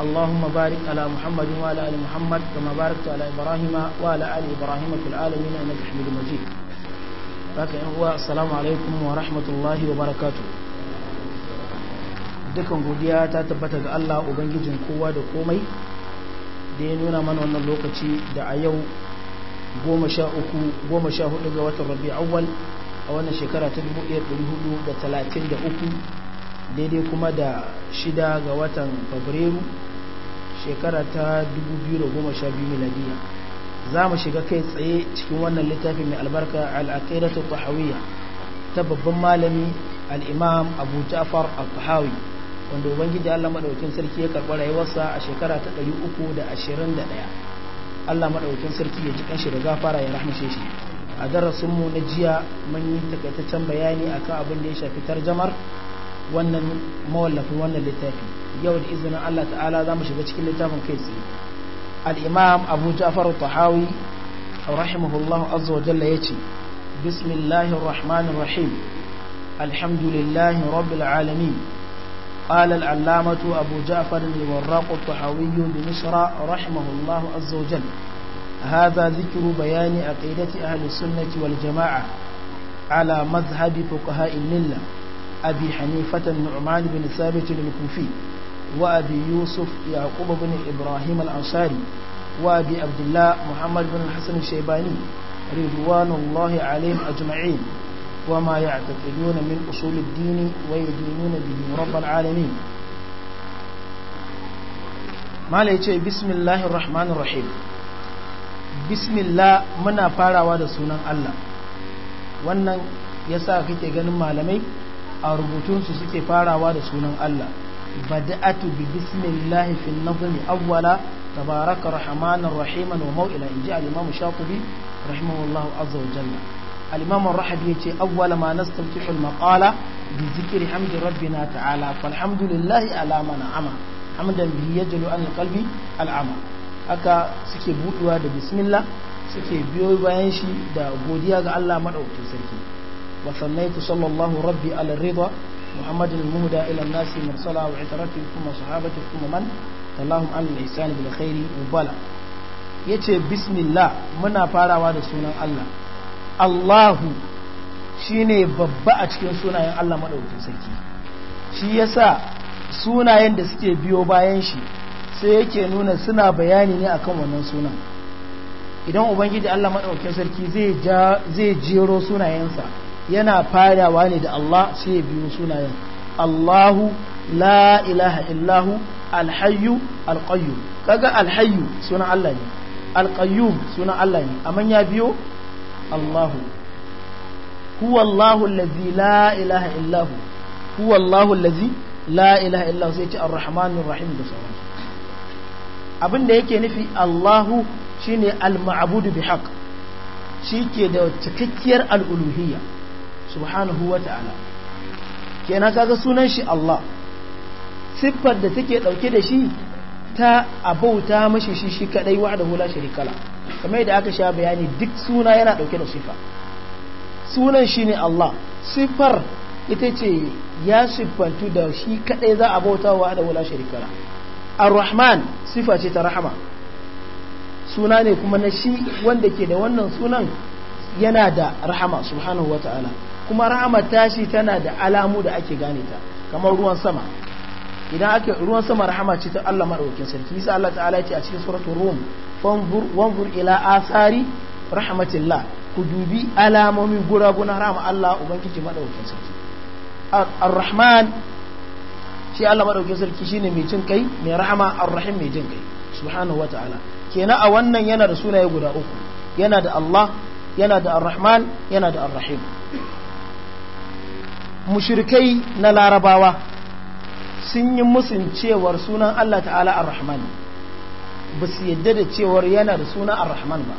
اللهم بارك على محمد وعلى آل محمد كما باركت على إبراهيم وعلى آل إبراهيم في العالمين إنك حميد مجيد لكن هو السلام عليكم ورحمة الله وبركاته dukan godiya ta tabbata ga Allah ubangijin kowa da komai da ya nuna mana wannan lokaci da a yau goma sha hudu ga watan rabi awwal a wannan shekara ta uku daidai kuma da shida ga watan fabrairu shekara ta 2012 miladiya za mu shiga kai tsaye cikin wannan littafin mai albarka al'aqidatu tahawiyya ta babban malami alimam Abu Ja'far al-Tahawi wanda ubangiji Allah maɗaukin sarki ya karɓi rayuwarsa a shekara ta 321 Allah maɗaukin sarki ya ji kanshi da gafara ya rahmashe shi a darasinmu na jiya mun yi takaitaccen bayani akan abin da ya shafi tarjamar wannan mawallafin wannan littafin yau da izinin Allah ta'ala za mu shiga cikin littafin kai tsaye al-imam Abu Ja'far al-Tahawi rahimahullahu azza wa jalla yace bismillahir rahmanir rahim alhamdulillahi rabbil alamin qala al-allamatu قال العلامة أبو جعفر الوراق الطحاوي بمصر رحمه الله عز وجل هذا ذكر بيان عقيدة أهل السنة والجماعة على مذهب فقهاء الملة أبي حنيفة النعمان بن ثابت الكوفي وأبي يوسف يعقوب بن إبراهيم الأنصاري وأبي عبد الله محمد بن الحسن الشيباني رضوان الله عليهم أجمعين وما يعتقدون من أصول الدين ويدينون به رب العالمين ما ليتي بسم الله الرحمن الرحيم بسم الله منا فاروا da sunan Allah wannan yasa kake ganin malamai a rubutunsu suke farawa da sunan Allah بدأت ببسم الله في النظم أولا تبارك رحمن رحيما وموئلا إن جاء الإمام الشاطبي رحمه الله عز وجل الإمام الرحب يتي أول ما نستفتح المقالة بذكر حمد ربنا تعالى فالحمد لله على من عمى حمدا به يجل عن القلب العمى أكا سكي buɗewa da الله سكي biyo bayan دا بوديا غالا ga Allah madaukakin صلى الله ربي على الرضا محمد المهدى إلى الناس مرسلا وعترته ثم muna farawa da sunan Allah. Allahu بالخير وبلا يتي shine babba a cikin sunayen Allah madaukakin sarki shi yasa sunayen da suke biyo bayan shi sai yake nuna suna bayani ne akan wannan sunan idan ubangiji Allah madaukakin sarki zai jero sunayensa yana farawa ne da Allah sai ya sunayen Allahu la ilaha illahu alhayyu alqayyum kaga alhayyu sunan Allah ne alqayyum sunan Allah ne amma ya biyo Allahu huwa Allahu allazi la ilaha illahu huwa Allahu allazi la ilaha illahu sai ce arrahmanir rahim da sauran abin da yake nufi Allahu shine al-ma'budu bihaq shi ke da cikakkiyar al'uluhiyya subhanahu wa kenan kaga sunan shi Allah siffar da take dauke da shi ta abauta mashi shi shi kadai wa'dahu la sharika la kamar yadda aka sha bayani duk suna yana dauke da siffa sunan ne Allah siffar ita ce ya siffantu da shi kadai za a bauta wa la sharika la ar-rahman siffa ce ta rahama suna ne kuma na shi wanda ke da wannan sunan yana da rahama subhanahu wa kuma rahamar tashi tana da alamu da ake gane ta kamar ruwan sama idan ake ruwan sama rahama ce ta Allah madaukakin sarki nisa Allah ta'ala ya ce a cikin suratul rum fanzur wanzur ila asari rahmatillah ku dubi alamomi gurabuna rahama Allah ubangiji madaukakin sarki ar-rahman shi Allah madaukakin sarki shine mai jin kai mai rahama ar-rahim mai jin kai subhanahu wataala kenan a wannan yana da sunaye guda uku yana da Allah yana da ar-rahman yana da ar-rahim mushirikai na larabawa sun yi musun cewar sunan Allah ta'ala ar-rahman ba su yadda da cewar yanar da sunan ar-rahman ba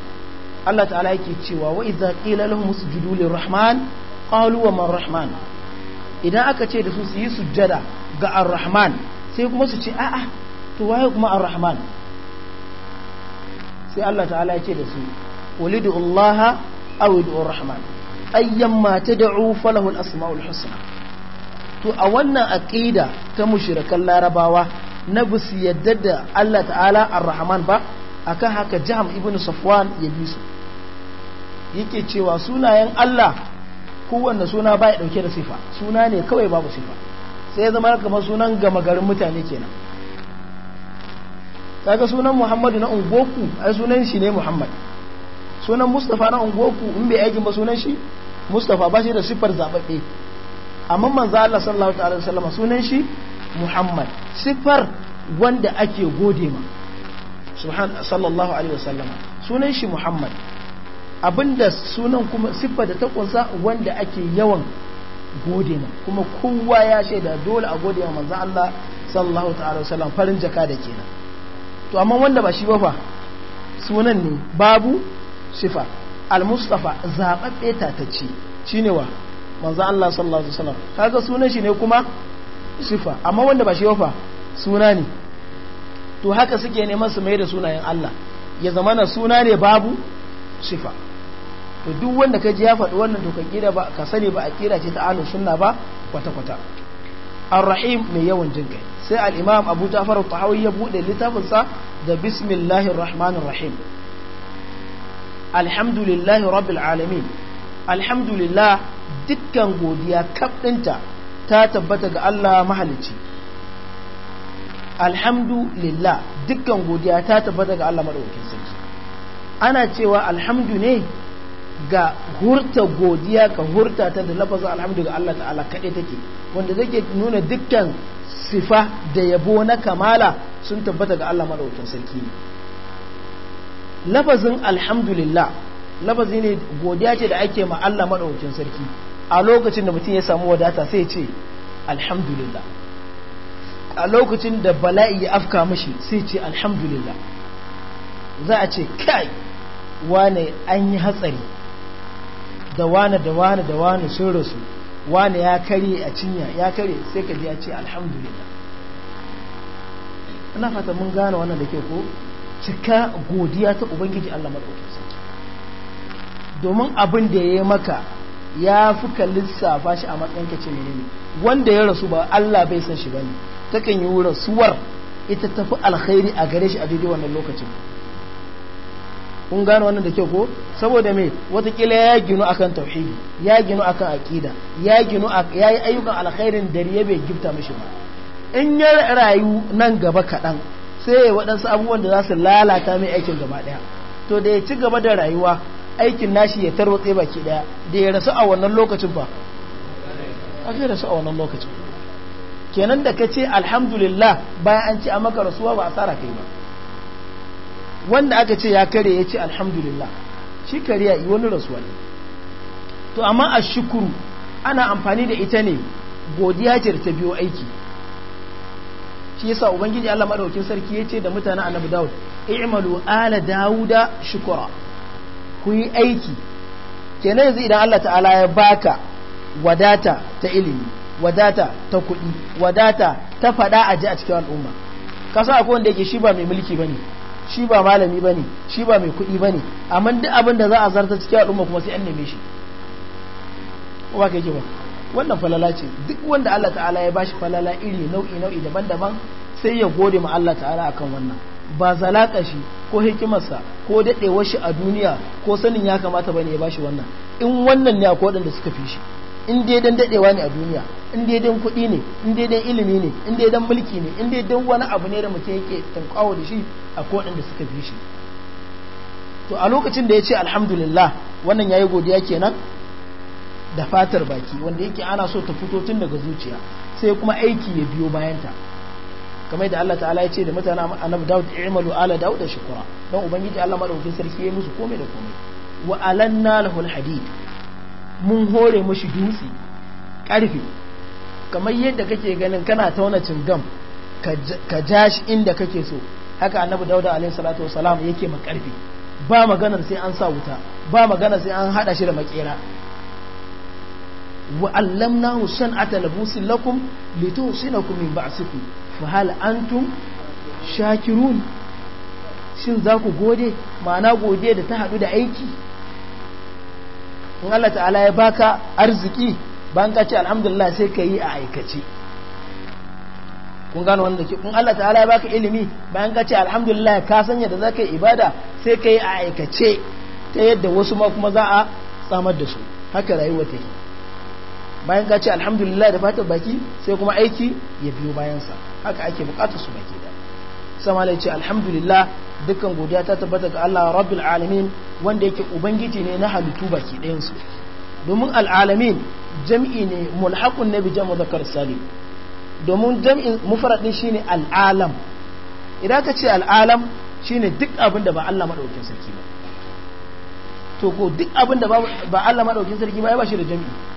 Allah ta'ala yake cewa wa idza qila lahum usjudu lir-rahman qalu wa man rahman idan aka ce da su su yi sujjada ga ar-rahman sai kuma su ce a'a to waye kuma ar-rahman sai Allah ta'ala yake da su da Allah aw idu rahman ayyan ma ta falahu al-asmaul husna to a wannan aƙida ta mushrikan larabawa na bisu yadda da Allah ta'ala ar-rahman ba akan haka jam ibn safwan ya bi su yake cewa sunayen Allah kowanne suna baya dauke da sifa suna ne kawai babu sifa sai zama kamar sunan gama garin mutane kenan kaga sunan Muhammadu na ungoku ai sunan shi ne Muhammad sunan Mustafa na ungoku in bai aikin ba sunan shi mustafa ba shi da siffar zababbe amma manzo Allah sallallahu alaihi wasallam sunan shi Muhammad siffar wanda ake gode ma subhan sallallahu alaihi wasallam sunan shi Muhammad abinda sunan kuma siffar da ta kunsa wanda ake yawan gode ma kuma kowa ya shaida dole a gode ma manzo Allah sallallahu alaihi wasallam farin jaka da kenan to amma wanda ba shi ba fa sunan ne babu siffar. al-mustafa zaɓaɓɓe tatacce shi ne wa manzan Allah sallallahu Alaihi wasallam kaga sunan shi ne kuma sifa amma wanda ba shi wafa suna ne to haka suke neman su mai da sunayen Allah ya zama na suna ne babu sifa to duk wanda ka ji ya faɗi wannan to ka kira ba ka sani ba a kira ce ta ahlus sunna ba kwata kwata ar-rahim mai yawan jin kai sai al-imam Abu Ja'far at-Tahawi ya buɗe littafinsa da bismillahir rahmanir rahim alhamdulillahi rabbil alamin alhamdulillah dukkan godiya kaɗinta ta tabbata ga Allah mahalicci alhamdulillah dukkan godiya ta tabbata ga Allah madaukakin sarki ana cewa alhamdu ne ga hurta godiya ka hurta ta da lafazin alhamdu ga Allah ta'ala kaɗai take wanda zai nuna dukkan sifa da yabo na kamala sun tabbata ga Allah madaukakin sarki ne lafazin alhamdulillah lafazi ne godiya ce da ake ma Allah madaukakin sarki a lokacin da mutum ya samu wadata sai ya ce alhamdulillah a lokacin da bala'i ya afka mashi sai ce alhamdulillah za a ce kai wane an yi hatsari da wane da wane da wane sun rasu wane ya kare a cinya ya kare sai ka ji ce alhamdulillah ana fata mun gane wannan da ke ko cika godiya ta ubangiji Allah madaukakin domin abin da ya maka ya fi lissafa shi a matsayin ka ce menene wanda ya rasu ba Allah bai san shi ba ne takan yi rasuwar ita tafi alkhairi a gare shi a daidai wannan lokacin kun gano wannan da kyau ko saboda me watakila ya ginu akan tauhidi ya ginu akan aqida ya ginu ya yi ayyukan alkhairin da ya bai gifta mishi ba in ya rayu nan gaba kaɗan sai ya waɗansu abubuwan da za su lalata mai aikin gaba ɗaya to da ya ci gaba da rayuwa aikin nashi ya tarwatse baki ɗaya da ya rasu a wannan lokacin ba a zai rasu a wannan lokacin kenan da ka ce alhamdulillah bayan an ci a maka rasuwa ba a tsara kai ba wanda aka ce ya kare ya ci alhamdulillah shi kare ya yi wani rasuwa ne to amma a shukuru ana amfani da ita ne godiya ce da ta biyo aiki shi yasa ubangiji Allah madaukakin sarki yace da mutanen annabi Dawud i'malu ala dauda shukura ku yi aiki kenan yanzu idan Allah ta'ala ya baka wadata ta ilimi wadata ta kuɗi wadata ta faɗa a ji a cikin al'umma kasa akwai wanda yake shi ba mai mulki bane shi ba malami bane shi ba mai kuɗi bane amma duk abin da za a zarta cikin al'umma kuma sai an neme shi ba ba wannan falala ce duk wanda Allah ta'ala ya bashi falala iri nau'i nau'i daban-daban sai ya gode ma Allah ta'ala akan wannan ba zalaka shi ko hikimarsa ko dadewar shi a duniya ko sanin ya kamata bane ya bashi wannan in wannan ne akwai wadanda suka fi shi in dai dan dadewa ne a duniya in dai dan kuɗi ne in dai dan ilimi ne in dai dan mulki ne in dai dan wani abu ne da mutum yake tankawo da shi akwai wadanda suka fi shi to a lokacin da ya ce alhamdulillah wannan yayi godiya kenan da fatar baki wanda yake ana so ta fito tun daga zuciya sai kuma aiki ya biyo bayanta kamar da Allah ta'ala ya ce da mutanen annabi Dawud i'malu ala Dawud da shukura dan ubangiji Allah madauki sarki ya musu komai da komai wa alanna lahul hadid mun hore mushi dutse karfe kamar yadda kake ganin kana tauna cingam ka ja shi inda kake so haka annabi Dawud alayhi salatu wasalam yake ma karfe ba maganar sai an sa wuta ba maganar sai an hada shi da makera وعلمناه شنعة لبوس لكم لتوصلكم من بعثكم فهل tun shakirun shin za ku gode ma'ana gode da ta haɗu da aiki in Allah ta'ala ya baka arziki ban ka ce alhamdulillah sai ka yi a aikace kun gano wanda ke kun Allah ta'ala ya baka ilimi bayan ka ce alhamdulillah ka sanya da za ka yi ibada sai ka yi a aikace ta yadda wasu ma kuma za a samar da su haka rayuwa take bayan ka ce alhamdulillah da fatar baki sai kuma aiki ya biyo bayansa haka ake bukatar su baki da sama da ce alhamdulillah dukkan godiya ta tabbata ga Allah rabbil alamin wanda yake ubangiji ne na halittu baki ɗayan su domin al'alamin jam'i ne mulhaqun nabi jam'u zakar salim domin jam'i mufrad din shine al'alam idan ka ce al'alam shine duk abin da ba Allah madaukin sarki ba to ko duk abin da ba Allah madaukin sarki ba ya ba shi da jam'i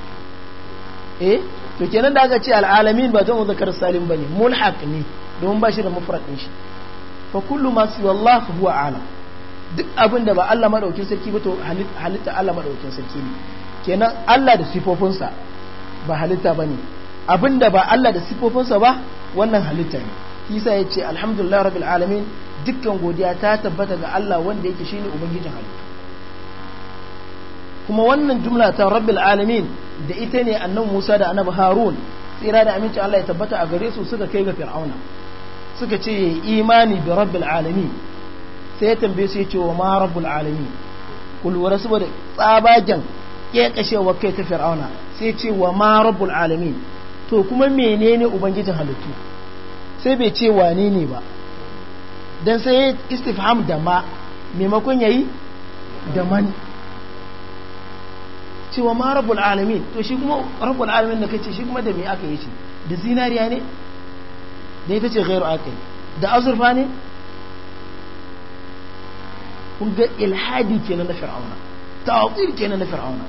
eh to kenan da aka ce al'alamin ba zan zakar salim ba ne mulhaq ne don ba shi da mufrad shi fa kullu ma siwa Allah huwa alam duk abin da ba Allah madaukin sarki ba to halitta Allah madaukin sarki ne kenan Allah da sifofinsa ba halitta ba ne abin da ba Allah da sifofinsa ba wannan halitta ne isa ya ce alhamdulillah rabbil alamin dukkan godiya ta tabbata ga Allah wanda yake shine ubangijin halitta kuma wannan jumla ta rabbil alamin da ita ne annabi Musa da annabi Harun tsira da aminci Allah ya tabbata a gare su suka kai ga fir'auna suka ce imani bi rabbil alamin sai ya tambaye su ya ce wa ma rabbul alamin wa rasul da tsabagen wa kai ta fir'auna sai ce wa ma rabbul alamin to kuma menene ubangijin halittu sai bai ce wane ne ba dan sai istifham da ma maimakon yayi da mani cewa ma rabul alamin to shi kuma rabul alamin da kace shi kuma da me aka yi shi da zinariya ne da ita ce ghairu aka da azurfa ne kun ga ilhadi kenan na fir'auna ta'awil kenan na fir'auna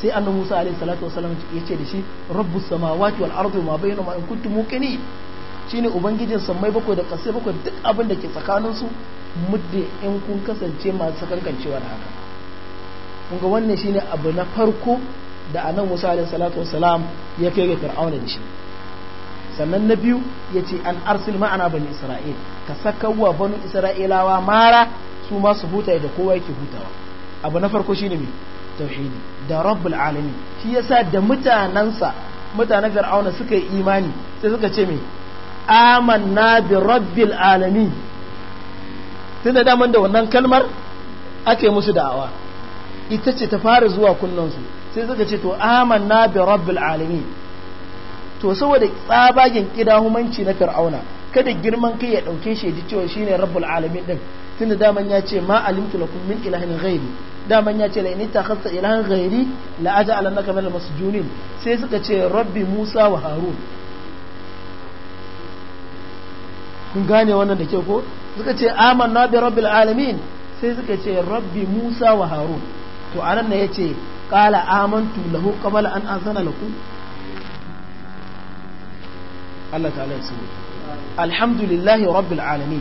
sai annabi Musa alaihi salatu wasallam yace da shi rabbus samawati wal ardi ma bainahuma in kuntum muqinin shine ubangijin samai bakwai da kasai bakwai duk abin da ke tsakaninsu mudde in kun kasance masu kankancewa da haka kunga wannan shine abu na farko da anan musa alayhi salatu wassalam ya kai ga fir'auna da shi sannan na biyu yace an arsil ma'ana bani isra'il ka sakawa bani isra'ilawa mara su ma su huta da kowa yake hutawa abu na farko shine mai tauhidi da rabbul alamin shi yasa da mutanansa mutanen fir'auna suka yi imani sai suka ce mai amanna bi rabbil alamin tunda da daman da wannan kalmar ake musu da'awa ita ce ta fara zuwa kunnansu sai suka ce to amanna bi rabbil alamin to saboda tsabagen kidahumanci na fir'auna kada girman kai ya dauke shi ji cewa shine rabbul alamin din tunda daman ya ce ma alimtu lakum min ilahin ghairi daman ya ce la in takhasta ilahan ghairi la aj'alannaka minal masjunin sai suka ce rabbi musa wa harun kun gane wannan da ke ko suka ce amanna bi rabbil alamin sai suka ce rabbi musa wa harun to anan ya yace qala amantu lahu qabla an azana ku. Allah ta'ala ya sani alhamdulillahi rabbil alami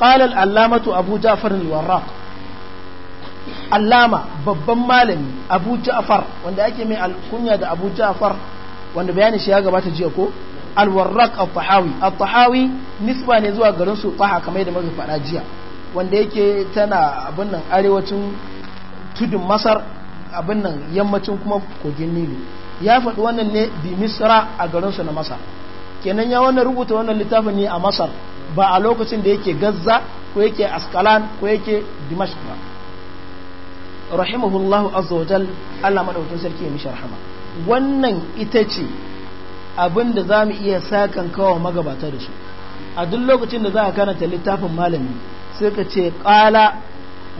qala al-allamatu abu ja'far babban malami abu ja'far wanda ake mai alkunya da abu ja'far wanda bayanin shi ya gabata jiya ko alwarraq al-tahawi al-tahawi nisba ne zuwa garin su taha kamar da muka faɗa jiya wanda yake tana abin nan arewacin tudun masar abin nan yammacin kuma kogin nilu ya faɗi wannan ne di misra a garinsu na masar kenan ya wannan rubuta wannan littafin ne a masar ba a lokacin da yake gazza ko yake askalan ko yake Dimash ba rahimahullahu azza wajal Allah madaukakin sarki ya mishi rahama wannan ita ce abin da za mu iya sakan kawo magabata da su a duk lokacin da za a karanta littafin malami sai ka ce ƙala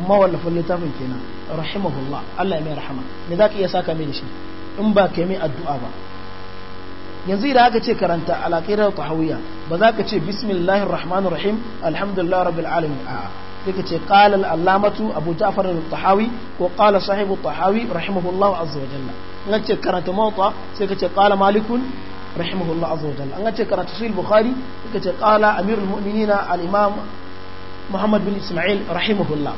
mawallafin littafin kenan rahimahullah Allah ya mai rahama me zaka iya saka mai shi in ba ka mai addu'a ba yanzu idan aka ce karanta alaƙirar tahawiyya ba za ka ce bismillahir rahmanir rahim alhamdulillah rabbil alamin a'a sai ka ce qala al-allamatu abu ja'far al-tahawi ko qala sahibu tahawi rahimahullah azza wa jalla an ce karanta mawta sai kace ce qala malikun rahimahullah azza wa jalla an ce karanta sahih bukhari sai ka ce qala amirul mu'minin al-imam muhammad bin isma'il rahimahullah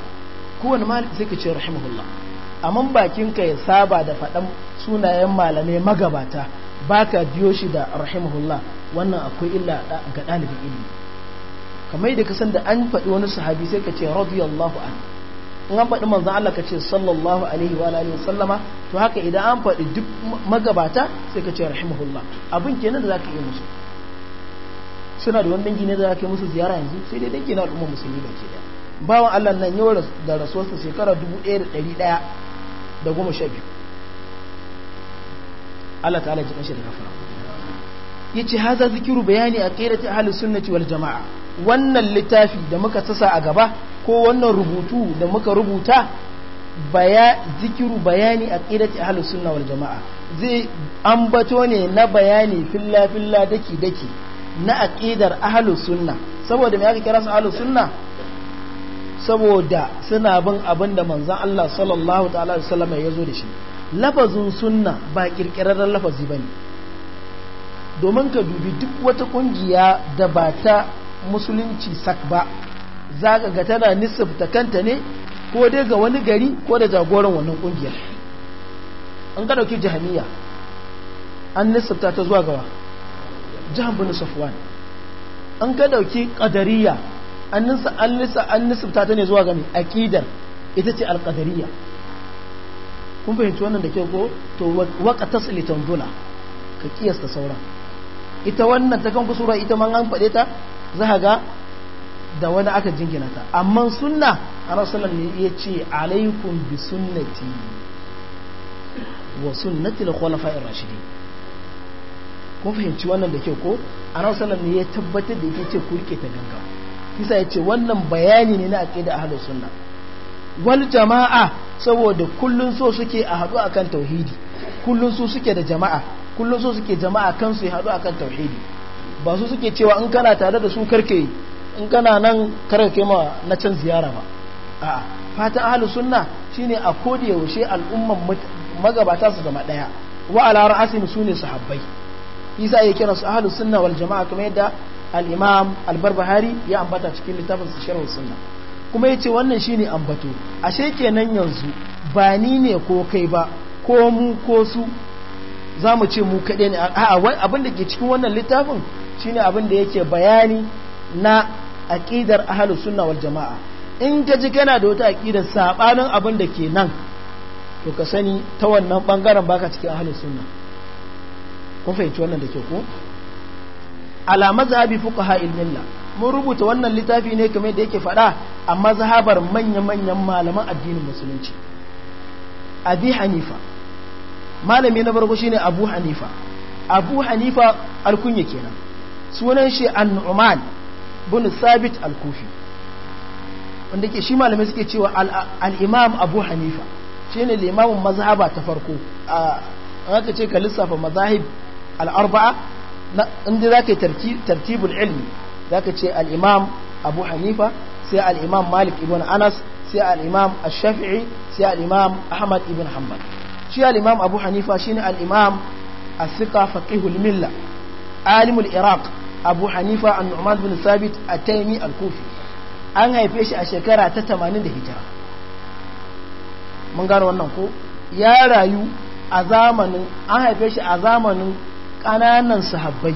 kowane malami sai ka ce rahimahullah amma bakin ka ya saba da faɗan sunayen malamai magabata baka biyo shi da rahimahullah wannan akwai illa ga ɗalibin ilimi kamar da kasan da an faɗi wani sahabi sai ka ce radiyallahu an in an faɗi manzon Allah ka ce sallallahu alaihi wa alihi sallama to haka idan an faɗi duk magabata sai ka ce rahimahullah abin kenan da zaka yi musu suna da wani dangi ne da zaka yi musu ziyara yanzu sai dai dangi na al'umma musulmi ba ke bawan Allah nan yau da rasuwarsa shekara 1112 Allah ta'ala ji kanshi da gafara ce haza zikiru bayani a ta ahli sunnati wal jamaa wannan littafi da muka sasa a gaba ko wannan rubutu da muka rubuta baya zikiru bayani a ta ahli sunna wal jamaa zai ambato ne na bayani filla filla daki daki na aƙidar ahalus sunna saboda mai aka kira su ahalus sunna saboda suna bin abin da manzan Allah sallallahu ta'ala da ya zo da shi lafazin sunna ba kirkirarren lafazi ba ne domin ka dubi duk wata kungiya da ba ta musulunci sak ba za ka ga tana nisifta kanta ne ko dai ga wani gari ko da jagoran wannan kungiyar an ka dauki an nisifta ta zuwa gawa jihar bin safwan an ka dauki kadariya an nisa ta ne zuwa ga aqidar ita ce alqadariyya kun fahimci wannan da kyau ko to waqa tasli tanzula ka kiyasta sauran ita wannan ta kan kusura ita man an faɗe ta za ga da wani aka jingina ta amma sunna rasulullah ne ya ce alaikum bi sunnati wa sunnati al-khulafa'ir rashidin kun fahimci wannan da kyau ko rasulullah ne ya tabbatar da yake ce kurke ta gangan kisa ya ce wannan bayani ne na aƙida halar suna wal jama'a saboda kullun so suke a haɗu akan tauhidi kullun so suke da jama'a kullun so suke jama'a kan su haɗu akan tauhidi ba su suke cewa in kana tare da su karke in kana nan karke ma na can ziyara ba a'a fatan suna sunna shine a kodi yaushe al'umman magabata su zama daya wa ala ne sune sahabbai isa ya kira su ahlus sunna wal jama'a kamar yadda al-imam al ya ambata cikin littafin sharh suna kuma ce wannan shine ambato ashe kenan yanzu ba ni ne ko kai ba ko mu ko su za mu ce mu kaɗai ne abin da ke cikin wannan littafin shine abin da yake bayani na aƙidar ahlus sunna wal jamaa in ka ji kana da wata aqida sabanin abin da ke nan to ka sani ta wannan bangaren baka cikin ahlus suna kun fahimci wannan da ke ko ala mazhabi fuqaha al-milla mun rubuta wannan littafi ne kamar da yake faɗa a mazhabar manya-manyan malaman addinin musulunci abi hanifa malami na farko shine abu hanifa abu hanifa alkunya kenan sunan shi an-nu'man bin sabit al-kufi wanda ke shi malami suke cewa al-imam abu hanifa shine limamin mazhaba ta farko a haka ce ka lissafa mazahib al-arba'a inda za ka yi tartibul ilmi za ka ce al'imam abu hanifa sai al'imam malik ibn anas sai al'imam shafi'i sai al'imam ahmad ibn hamad shi al'imam abu hanifa shi ne al'imam a suka faƙihul milla alimul iraq abu hanifa an nu'man bin sabit a taimi al-kufi an haife shi a shekara ta tamanin da hijira mun gano wannan ko ya rayu a zamanin an haife shi a zamanin ƙananan sahabbai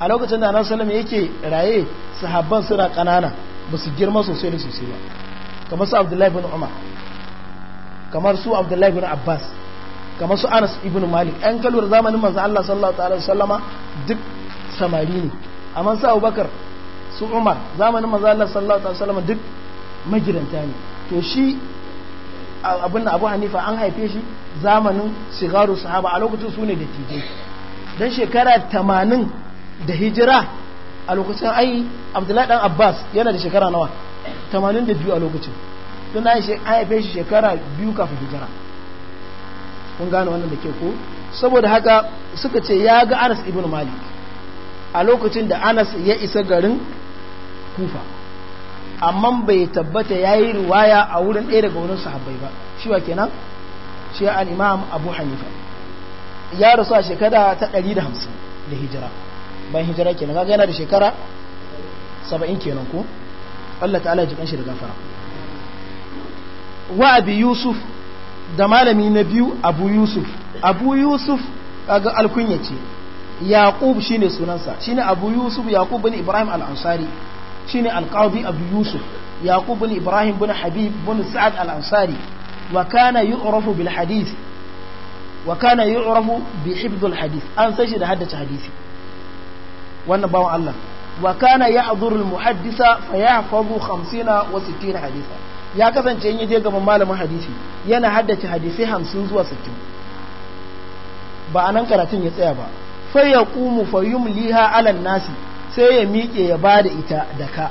a lokacin da annabi sallallahu yake raye sahabban suna ƙanana ba su girma sosai da sosai ba kamar su abdullahi bin umar kamar su abdullahi bin abbas kamar su anas ibn malik yan kalwar zamanin manzo Allah sallallahu alaihi wasallama duk samari ne amma su abubakar su umar zamanin manzo Allah sallallahu alaihi wasallama duk magidanta ne to shi abin da abu hanifa an haife shi zamanin sigaru sahaba a lokacin su ne da tijai don shekara tamanin da hijira a lokacin ai abdullahi dan abbas yana da shekara nawa tamanin da biyu a lokacin don na haife shi shekara biyu kafin hijira kun gane wannan da ke ko saboda haka suka ce ya ga anas ibn malik a lokacin da anas ya isa garin kufa amma bai tabbata ya yi riwaya a wurin ɗaya daga wurin sahabbai ba shi wa kenan shi al-imam abu hanifa ya rasu a shekara ta 150 da hijira bayan hijira kenan kaga yana da shekara 70 kenan ko Allah ta'ala ya jikan shi da gafara wa abi yusuf da malami na biyu abu yusuf abu yusuf kaga alkunya ce yaqub shine sunansa shine abu yusuf yaqub bin ibrahim al-ansari shine al-qadi abu yusuf yaqub bin ibrahim bin habib bin sa'ad al-ansari wa kana yu'rafu bil hadith wa kana yu'rafu bi hifdhul hadith an san shi da haddace hadisi wannan bawon Allah wa kana yahdhurul muhaddisa fa yahfazu 50 wa 60 hadisa ya kasance in yaje gaban malamin hadisi yana haddace hadisi 50 zuwa 60 ba anan karatun ya tsaya ba fa yaqumu fa yumliha ala nasi sai ya miƙe ya bada ita da ka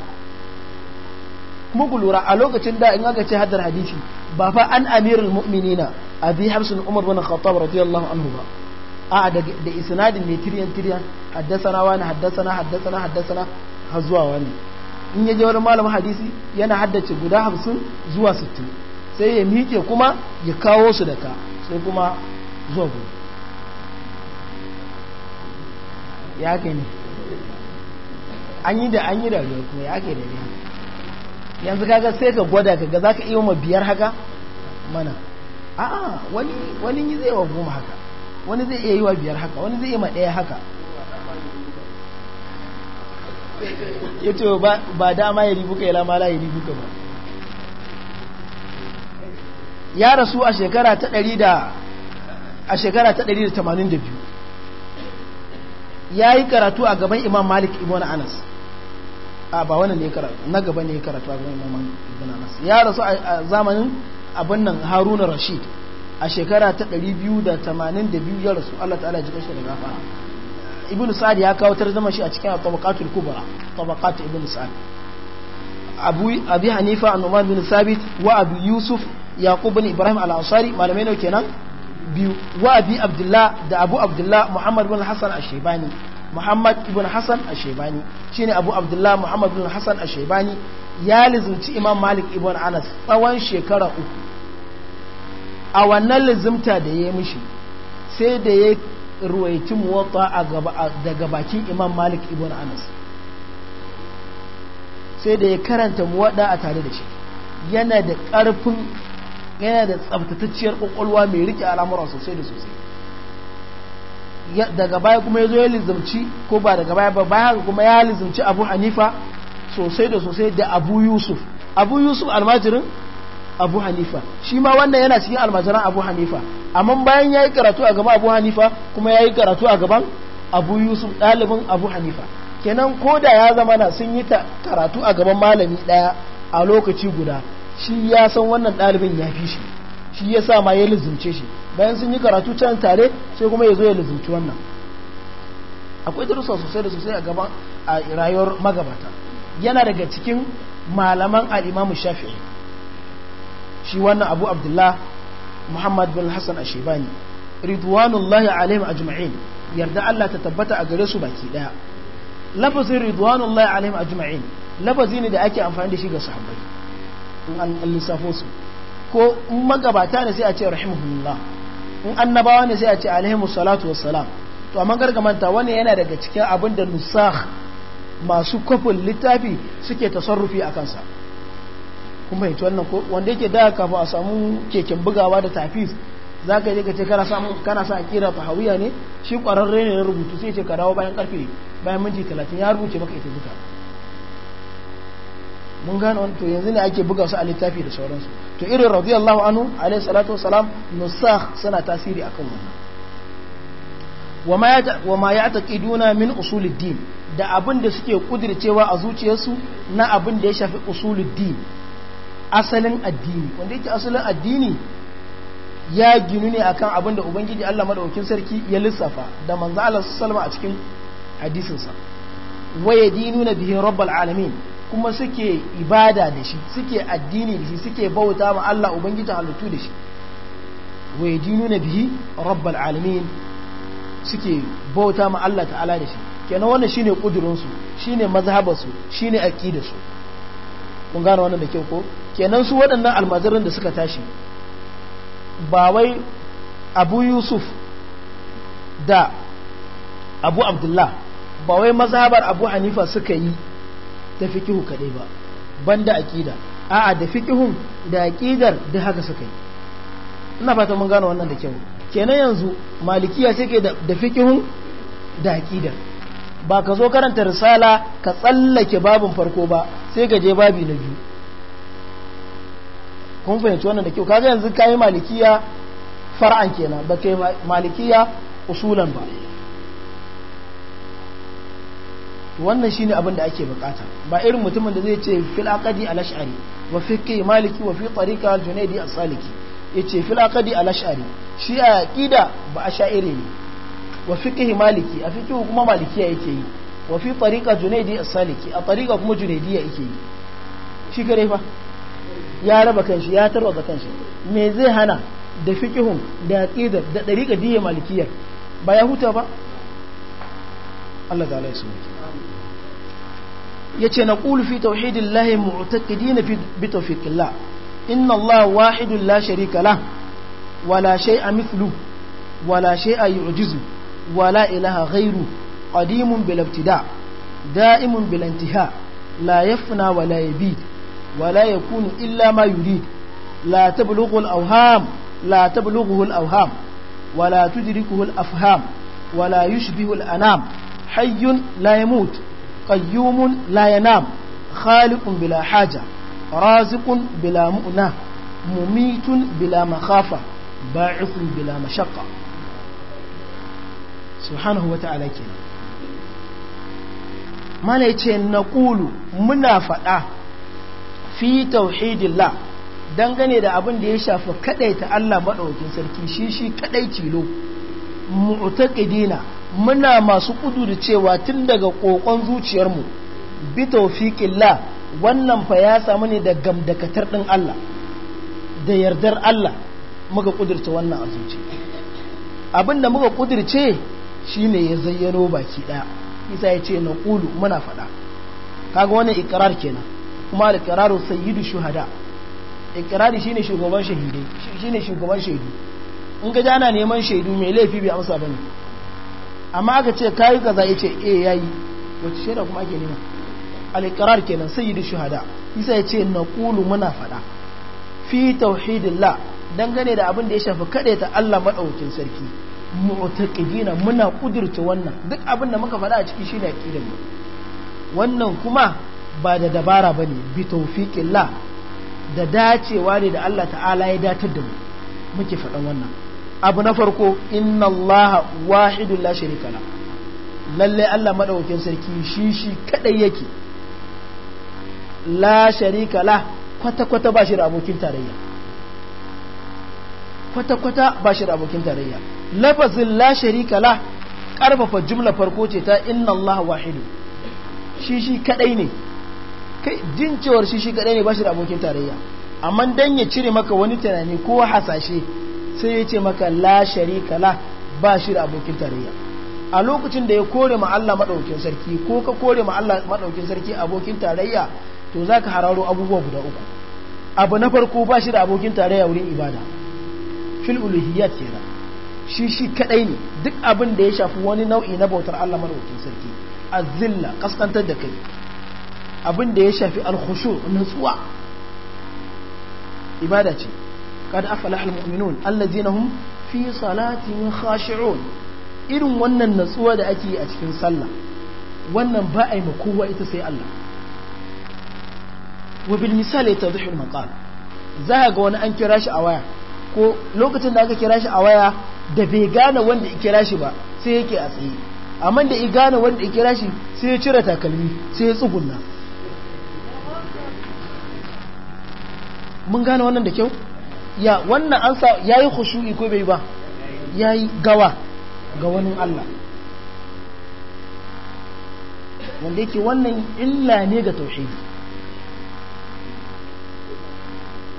muku lura a lokacin da in aka ce haddar hadisi ba fa an amirul mu'minina abi hamsin umar bin khattab radiyallahu anhu ba a da isnadin ne tiryan tiryan na wani na haddasa na har zuwa wani in ya je wani malamin hadisi yana haddace guda hamsin zuwa sittin sai ya miƙe kuma ya kawo su da ka sai kuma zuwa gudu ya ke ne an yi da an yi da kuma ya ke da ne yanzu kaga sai ka gwada kaga za ka iya ma biyar haka mana a'a wani wani zai wa goma haka wani zai iya yi wa biyar haka wani zai yi ma ɗaya haka ya ce ba dama ya ribu ka ilama lamala ya ribu ka ba ya rasu a shekara ta ɗari da a shekara ta ɗari da tamanin da biyu ya yi karatu a gaban imam malik ibn anas a ba wani ne karatu na gaba ne karatu a gaban imam malik ibn anas ya rasu a zamanin abin nan haruna rashid a shekara ta 282 ya rasu Allah ta'ala ji kashe da gafara ibn sa'ad ya kawo tarzama shi a cikin tabaqatul kubra tabaqat ibn sa'ad abu abi hanifa an-numan bin sabit wa abu yusuf yaqub bin ibrahim al-ansari malamai ne kenan biyu wa abi abdullah da abu abdullah muhammad bin hasan ash-shaybani muhammad ibn hasan ash-shaybani shine abu abdullah muhammad bin hasan ash-shaybani ya lizumci imam malik ibn anas tsawon shekara uku a wannan lizimta da ya mishi sai da ya ruwaiti muwatta daga bakin imam malik ibn anas sai da ya karanta muwaɗa a tare da shi yana da ƙarfin yana da tsabtatacciyar ƙwaƙwalwa mai rike al'amura sosai da sosai daga baya kuma ya zo ya lizimci ko ba daga baya ba baya kuma ya lizimci abu hanifa sosai da sosai da abu yusuf abu yusuf almajirin abu hanifa shi ma wannan yana cikin almajiran abu hanifa amma bayan ya yi karatu a gaban abu hanifa kuma ya yi karatu a gaban abu yusuf ɗalibin abu hanifa kenan ko da ya zama na sun yi karatu a gaban malami ɗaya a lokaci guda shi ya san wannan ɗalibin ya fi shi shi ya sa ma ya lizimce shi bayan sun yi karatu can tare sai kuma ya zo ya lizimci wannan akwai darussa sosai da sosai a gaban a rayuwar magabata yana daga cikin malaman al'imamu shafi'i shi wannan abu abdullah muhammad bin hassan ashebani ridwanullahi alaihim ajma'in yarda Allah ta tabbata a gare su baki daya lafazin ridwanullahi alaihim ajma'in lafazi ne da ake amfani da shi ga sahabbai in an lissafo su ko in magabata ne sai a ce rahimahullah in annabawa ne sai a ce alaihimus salatu wassalam to amma gargamanta wani yana daga cikin abin da nusakh masu kwafin littafi suke tasarrufi a kansa kuma fahimci wannan ko wanda yake da kafin a samu keken bugawa da tafis za ka yi ka ce kana sa kana sa ta hawuya ne shi kwararre ne na rubutu sai ce ka dawo bayan karfe bayan minti talatin ya rubuce maka ita duka mun gane wani to yanzu ne ake buga su a littafi da sauransu to irin radiyallahu anhu alaihi salatu wasalam nusakh suna tasiri akan wannan wa ma ya taqiduna min usulid din da abin da suke kudircewa a zuciyarsu na abin da ya shafi usuluddin asalin addini wanda yake asalin addini ya ginu ne akan abin da ubangiji Allah madaukakin sarki ya lissafa da manzo Allah sallama a cikin hadisinsa waye dinuna bihi rabbal alamin kuma suke ibada da shi suke addini da shi suke bauta ma Allah ubangiji halittu da shi waye dinuna bihi rabbal alamin suke bauta ma Allah ta'ala da shi kenan wannan shine kudurin su shine mazhabar su shine aqidar su kun gane wannan da kyau ko kenan su waɗannan almazarin da suka tashi ba wai Abu Yusuf da Abu Abdullah ba wai mazhabar Abu Hanifa suka yi ta fikihu kadai ba banda aqida a'a da fikihun da aqidar da haka suka yi ina fata mun gane wannan da kyau kenan yanzu malikiya ke da fikihun da aqidar ba ka zo karanta risala ka tsallake babin farko ba sai ka je babi na biyu kun fahimci wannan da kyau kaga yanzu ka yi malikiya far'an kenan ba ka yi malikiya usulan ba wannan shine abin da ake bukata ba irin mutumin da zai ce fil aqdi al ash'ari wa fi kai maliki wa fi tariqa al junaidi as saliki yace fil aqdi al ash'ari shi a aqida ba ash'ari ne wa fiqh maliki a fiqh kuma malikiya yake yi wa fi tariqa junaydi as-saliki a tariqa kuma junaydiya yake yi shi kare fa ya raba kanshi ya tarwa tarwata kanshi me zai hana da fiqhun da aqidar da tariqa diya malikiyar ba ya huta ba Allah ta'ala ya sunke yace na qulu fi tauhidillahi mu'taqidina bi tawfiqillah inna Allah wahidun la sharika lah wala shay'a mithluhu wala shay'a yu'jizuhu ولا إله غيره قديم بلا ابتداء دائم بلا انتهاء لا يفنى ولا يبيد ولا يكون إلا ما يريد لا تبلغ الأوهام لا تبلغه الأوهام ولا تدركه الأفهام ولا يشبه الأنام حي لا يموت قيوم لا ينام خالق بلا حاجة رازق بلا مؤنة مميت بلا مخافة باعث بلا مشقة subhanahu wa ta'ala ke mana ce na ƙulu muna faɗa fi tauhidillah dangane da abin da ya shafi ta Allah maɗaukin sarki shi shi kaɗai cilo mu'taƙidina muna masu ƙudu da cewa tun daga ƙoƙon zuciyarmu bi taufiƙillah wannan fa ya samu ne da gamdakatar ɗin Allah da yardar Allah muka ƙudurta wannan a abinda abin da muka ƙudurce shine ya zayyano baki daya isa ya ce na ƙulu muna faɗa kaga wani ikirar kenan kuma al-iqraru sayyidu shuhada ikirari shine shugaban shahidai shine shugaban shaidu in ga jana neman shaidu mai laifi bai amsa bane amma aka ce kayi kaza yace eh yayi wace shaida kuma ake nema al-iqrar kenan sayyidu shuhada isa ya ce na ƙulu muna fada fi tauhidillah dangane da abin da ya shafi kadaita Allah maɗaukin sarki mu'taqidina muna kudurta wannan duk abin da muka faɗa a ciki shine aqidar mu wannan kuma ba da dabara bane bi tawfiqillah da dacewa ne da Allah ta'ala ya datar da mu muke faɗan wannan abu na farko inna Allah wahidun la sharika la lalle Allah madaukakin sarki shi shi kadai yake la sharika la kwata kwata ba shi da abokin tarayya kwata kwata ba shi da abokin tarayya lafazin la sharika la karfafa jumla farko ce ta inna Allah wahidu shi shi kadai ne kai jin cewar shi shi kadai ne ba shi da abokin tarayya amma dan ya cire maka wani tunani ko hasashe sai ya ce maka la sharika la ba shi da abokin tarayya a lokacin da ya kore ma Allah madaukin sarki ko ka kore ma Allah madaukin sarki abokin tarayya to zaka hararo abubuwa guda uku abu na farko ba shi da abokin tarayya wurin ibada fil uluhiyyat kenan shi shi kadai ne duk abin da ya shafi wani nau'i na bautar Allah madaukakin sarki azilla kaskantar da kai abin da ya shafi alkhushu nutsuwa ibada ce kad afala almu'minun allazina hum fi salatihim khashi'un irin wannan nutsuwa da ake yi a cikin sallah wannan ba a yi makuwa ita sai Allah wa bil misali tadhihu al maqal za ga wani an kira shi a waya ko lokacin da aka kira shi a waya da bai gane wanda ya kira shi ba sai yake a tsaye amma da ya gane wanda ya kira shi sai ya cire takalmi sai ya tsugunna mun gane wannan da kyau ya wannan an sa yayi khushu'i ko bai ba yayi gawa ga wani Allah wanda yake wannan illa ne ga tauhidi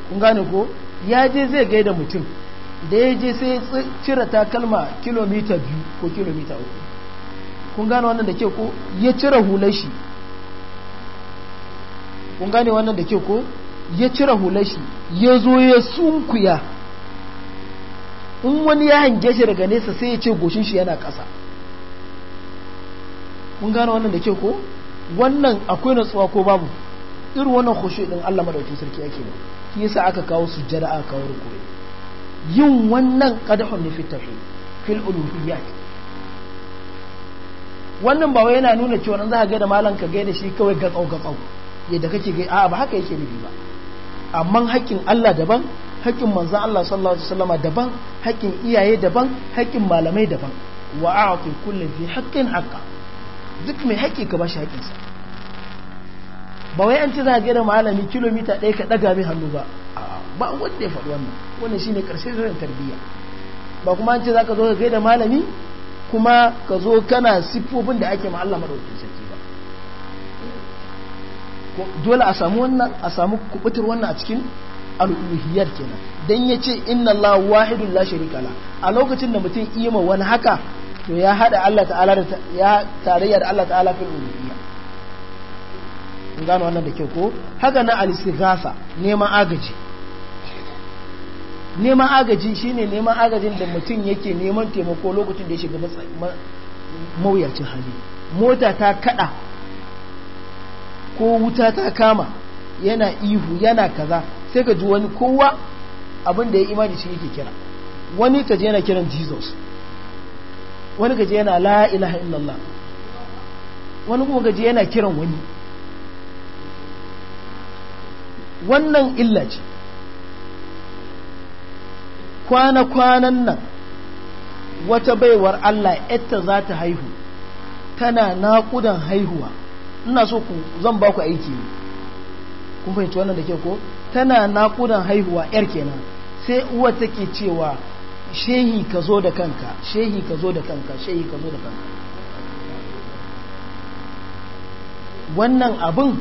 kun gane ko ya je zai gaida mutum da ya je sai cire takalma kilomita biyu ko kilomita uku kun gane wannan da ke ko ya cire hular shi kun gane wannan da ke ko ya cire hular shi ya zo ya sunkuya in wani ya hange shi daga nesa sai ya ce goshin shi yana ƙasa kun gane wannan da ke ko wannan akwai natsuwa ko babu irin wannan khushu din Allah madaukakin sarki yake ne shi yasa aka kawo sujjada aka kawo rukuri yin wannan qadahun ne fi tauhid fil uluhiyyat wannan ba wai yana nuna cewa in za ka ga da malan ka ga da shi kawai gatsau gatsau yadda kake ga a'a ba haka yake bi ba amma haƙƙin Allah daban haƙƙin manzon Allah sallallahu alaihi wasallama daban haƙƙin iyaye daban haƙƙin malamai daban wa a'ti kulli fi haqqin haqqa duk mai haƙƙi ka bashi haƙƙinsa ba wai an ci za ga da malami kilomita ɗaya ka ɗaga mai hannu ba ba wanda ya faɗi wannan wannan shine ƙarshen shirin tarbiyya ba kuma an ce za ka zo ka gai da malami kuma ka zo kana siffofin da ake ma'alla Allah sarki ba dole a samu wannan a samu kubutar wannan a cikin al'uhiyar kenan dan ce inna Allah wahidun la sharika la a lokacin da mutum iya ma wani haka to ya hada Allah ta'ala da ya tarayya da Allah ta'ala fil uluhiyya in gano wannan da ke ko haka na alisigasa neman agaji neman agaji ne neman agajin da mutum yake neman taimako lokacin da ya shiga mawuyacin hali mota ta kada ko wuta ta kama yana ihu yana kaza sai ka ji wani kowa abin da ya imani shi yake kira wani ka yana kiran jesus wani ka yana la ilaha illallah wani kuma ka yana kiran wani wannan illa ce kwana-kwanan nan wata baiwar Allah yatta za ta haihu tana naƙudan haihuwa ina so ku zan ba ku aiki ne kun fahimci wannan da ke ko tana naƙudan haihuwa yar kenan sai uwa take cewa shehi ka zo da kanka shehi ka zo da kanka shehi ka zo da kanka wannan abin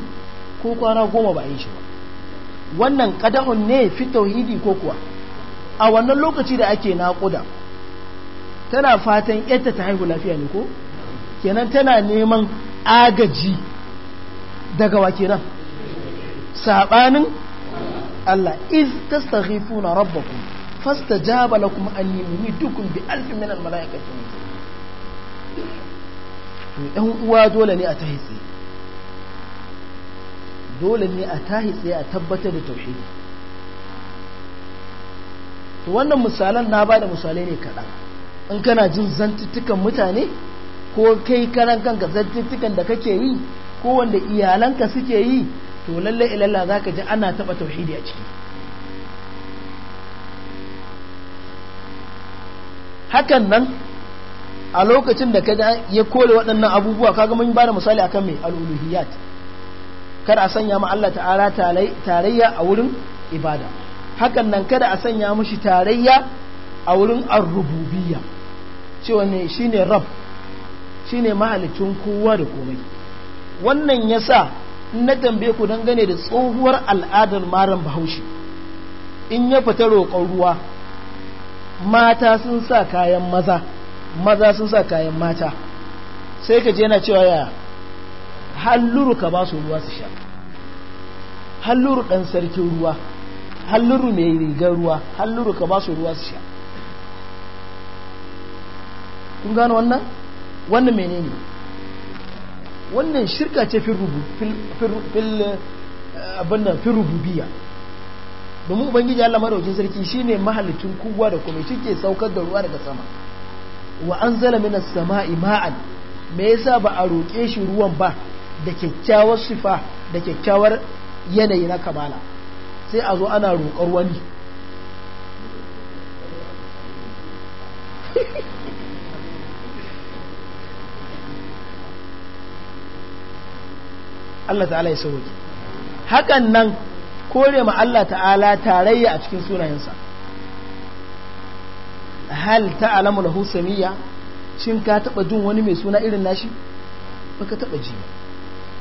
ko kwana goma ba a yi shi ba wannan kadahun ne fi tauhidi ko kuwa a wannan lokaci da ake naƙuda tana fatan yadda ta haihu lafiya ne ko kenan tana neman agaji daga wa kenan saɓanin Allah iz tastaghifuna rabbakum fastajaba lakum anni mumitukum bi alfin min al to ɗan uwa dole ne a tahisi dole ne a tahi tsaye a tabbatar da tauhidi to wannan misalan na bada misalai ne kaɗan in kana jin zantuttukan mutane ko kai karan kanka zantuttukan da kake yi ko wanda iyalanka suke yi to lalle ilalla zaka ji ana taba tauhidi a ciki hakan nan a lokacin da ka ya kore waɗannan abubuwa kaga mun bada misali akan mai al'uluhiyat kada a sanya ma Allah ta'ala tarayya a wurin ibada hakan nan kada a sanya mushi tarayya a wurin ar-rububiyya cewa ne shine rab shine mahalicin kowa da komai wannan yasa in na tambaye ku dangane da tsohuwar al'adar maran bahaushe in ya fita roƙon ruwa mata sun sa kayan maza maza sun sa kayan mata sai ka je na cewa yaya halluru ka ba su ruwa su sha halluru ɗan sarkin ruwa halluru mai rigar ruwa halluru ka ba su ruwa su sha kun gano wannan wannan menene wannan shirka ce fi eh, rububiya domin ubangiji Allah madaukin sarki shine mahalicin kowa da kuma shike saukar da ruwa daga sama wa an zala mina sama'i ma'an me yasa ba a roƙe shi ruwan ba da kyakkyawar sifa da kyakkyawar yanayi na kamala sai a zo ana roƙar wani Allah ta'ala ya sauke hakan nan kore ma Allah ta'ala tarayya a cikin sunayensa hal ta'alamu lahu samiyya shin ka taba jin wani mai suna irin nashi baka taba ji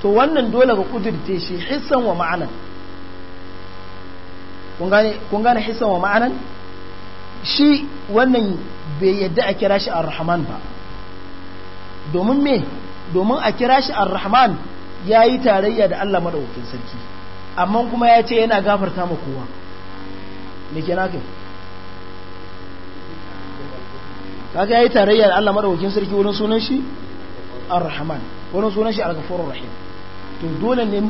to wannan dole ka kudirce shi hissan wa ma'anan kun gane hissan wa ma'anan shi wannan bai yadda a kira shi ar-rahman ba domin me domin a kira shi ar-rahman ya yi tarayya da Allah maɗaukin sarki amma kuma ya ce yana gafarta ma kowa me ke nake kaka ya yi tarayya da Allah maɗaukin sarki wurin sunan shi ar-rahman wurin sunan shi al-ghafurur rahim to dole ne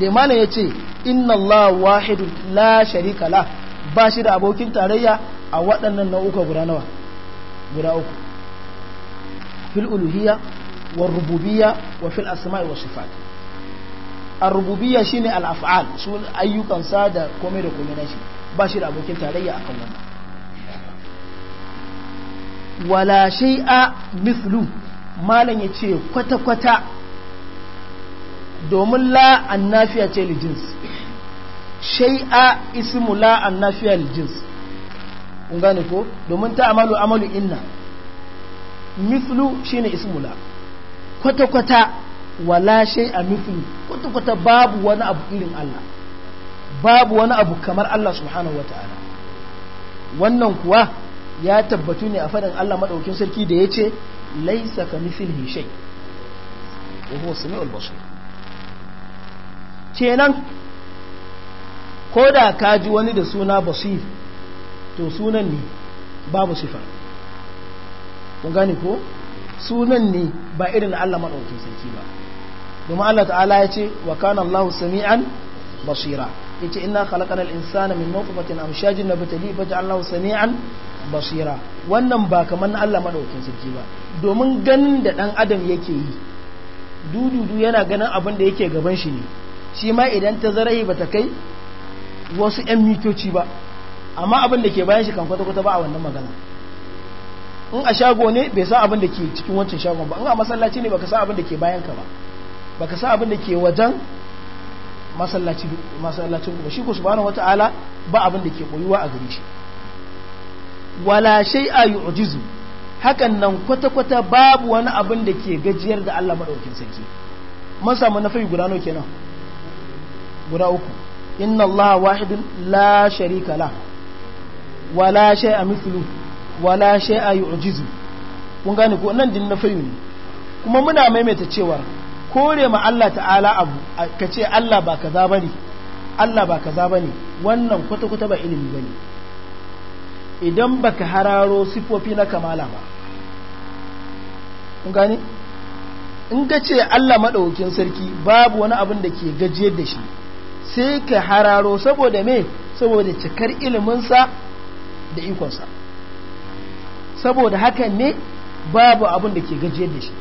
da malam ya ce inna Allah wahidu la sharika la ba shi da abokin tarayya a waɗannan nau'uka guda nawa guda uku fil uluhiyya wa rububiyya wa fil asma'i wa sifat ar-rububiyya shine al-af'al su ayyukan sa da komai da komai nashi ba shi da abokin tarayya a akan wannan wala shay'a mithlu malam yace kwata kwata domin la nafiya ce lijins shai a ismu la annafiya li jins gane ko domin ta amalu amalu inna mithlu shine ismu la kwata kwata wala a mithlu kwata kwata babu wani abu irin Allah babu wani abu kamar Allah subhanahu wataala wannan kuwa ya tabbatu ne a faɗin Allah maɗaukin sarki da ya ce laisa ka mithlihi shay wa huwa samiul basir Ce nan ko da ka ji wani da suna basir to sunan ne babu sifa kun gane ko sunan ne ba irin Allah maɗaukin sarki ba domin Allah ta'ala ya ce wa kana Allahu sami'an basira yace inna khalaqana al-insana min nutfatin amshajin nabtali Allah sami'an basira wannan ba kamar na Allah maɗaukin sarki ba domin ganin da ɗan adam yake yi dududu yana ganin abin da yake gaban shi ne shi ma idan ta zarahi ba ta kai wasu 'yan mitoci ba amma abin da ke bayan shi kan kwata-kwata ba a wannan magana in a shago ne bai sa abin da ke cikin wancan shagon ba in a masallaci ne baka sa abin da ke bayan ka ba baka sa abin da ke wajen masallaci ba shi ku wata wata'ala ba abin da ke koyuwa a gare shi wala yi ojizu hakan nan kwata-kwata babu wani abin da ke gajiyar da Allah maɗaukin sarki mun samu na guda nawa kenan guda uku inna Allah wahidun la sharika la wala shay'a mithlu wala shay'a yu'jizu kun gane ko nan din na fayu ne kuma muna maimaita cewa kore ma Allah ta'ala abu ka ce Allah ba kaza bane Allah ba kaza bane wannan kwata kwata ba ilimi bane idan baka hararo sifofi na kamala ba kun gane in ga ce Allah madaukakin sarki babu wani abin da ke gajiyar da shi sai ka hararo saboda me saboda cikar iliminsa da ikonsa saboda hakan ne babu abin da ke gajiyar da shi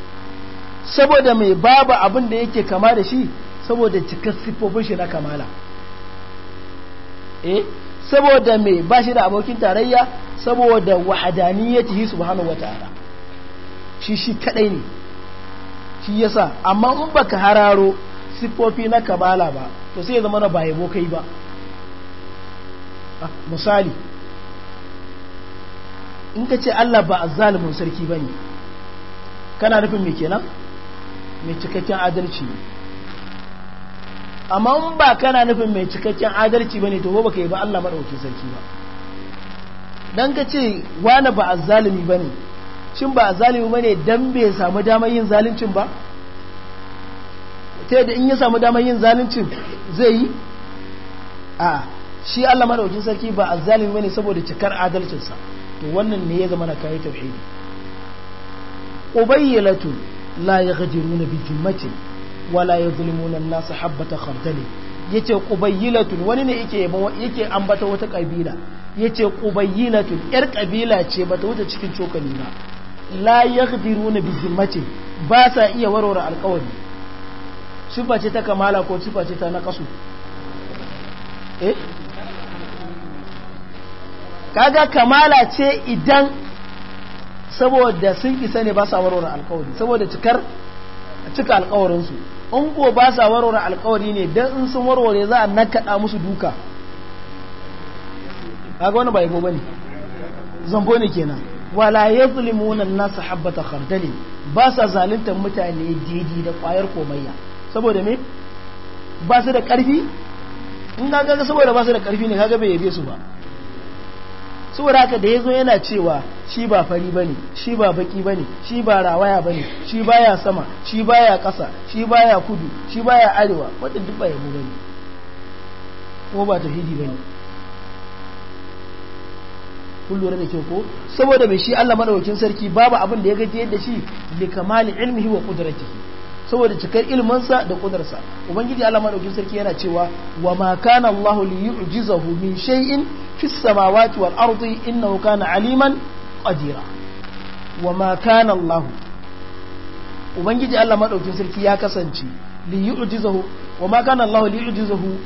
saboda mai babu abin da yake kama da shi saboda cikar siffofin shi na kamala eh saboda mai ba shi da abokin tarayya saboda wahadaniyatihi subhanahu wata'ala shi shi kadai ne shi yasa amma in baka hararo siffofi na kabala ba to sai ya zama na ba yabo kai ba ah, misali in ka ce Allah ba azzalimin sarki ba ne kana nufin mai kenan mai cikakken adalci ne amma in ba kana nufin mai cikakken adalci ba ne to ba ka yi ba Allah maɗauki sarki ba don ka ce wane ba azzalimi ba ne cin ba azzalimi ba ne don bai samu damar yin zalincin ba ta da in ya samu damar yin zaluncin zai yi a shi Allah madaukin sarki ba ba bane saboda cikar adalcinsa to wannan ne ya zama na kai tauhidi ubayyilatu la nuna bikin mace wala yuzlimuna an-nas habata khardali yace qubayyilatun wani ne yake yake ambata wata kabila yace qubayyilatun yar kabila ce bata wuce cikin cokali ba la nuna bikin mace ba sa iya warware alkawari sifa ce ta kamala ko sifa ce ta nakasu eh kaga kamala ce idan saboda sun isa ne ba sa warware alkawari saboda cikar cika alkawarinsu in ko ba sa warware alkawari ne don in sun warware za a nakaɗa musu duka kaga wani bai gobe ne zambo ne kenan wala ya zulimu nan nasa habbata khardali ba sa zaluntar mutane daidai da kwayar komayya saboda me ba su da ƙarfi in ga gaga saboda ba su da ƙarfi ne kaga bai yabe su ba saboda haka da ya zo yana cewa shi ba fari ba ne shi ba baki ba ne shi ba rawaya ba ne shi baya sama shi baya ƙasa shi baya kudu shi baya arewa wadda duk ba yabo ba ne ko ba hidi ba ne kun lura da kyau ko saboda mai shi Allah madaukakin sarki babu abin da ya gaji yadda shi bi kamali ilmihi wa qudratihi saboda cikar ilminsa da kudarsa ubangiji Allah madaukin sarki yana cewa wa ma kana Allah li yu'jizahu min shay'in fis samawati wal ardi innahu kana aliman qadira wa ma kana Allah ubangiji Allah madaukin sarki ya kasance li yu'jizahu wa ma kana Allah li yu'jizahu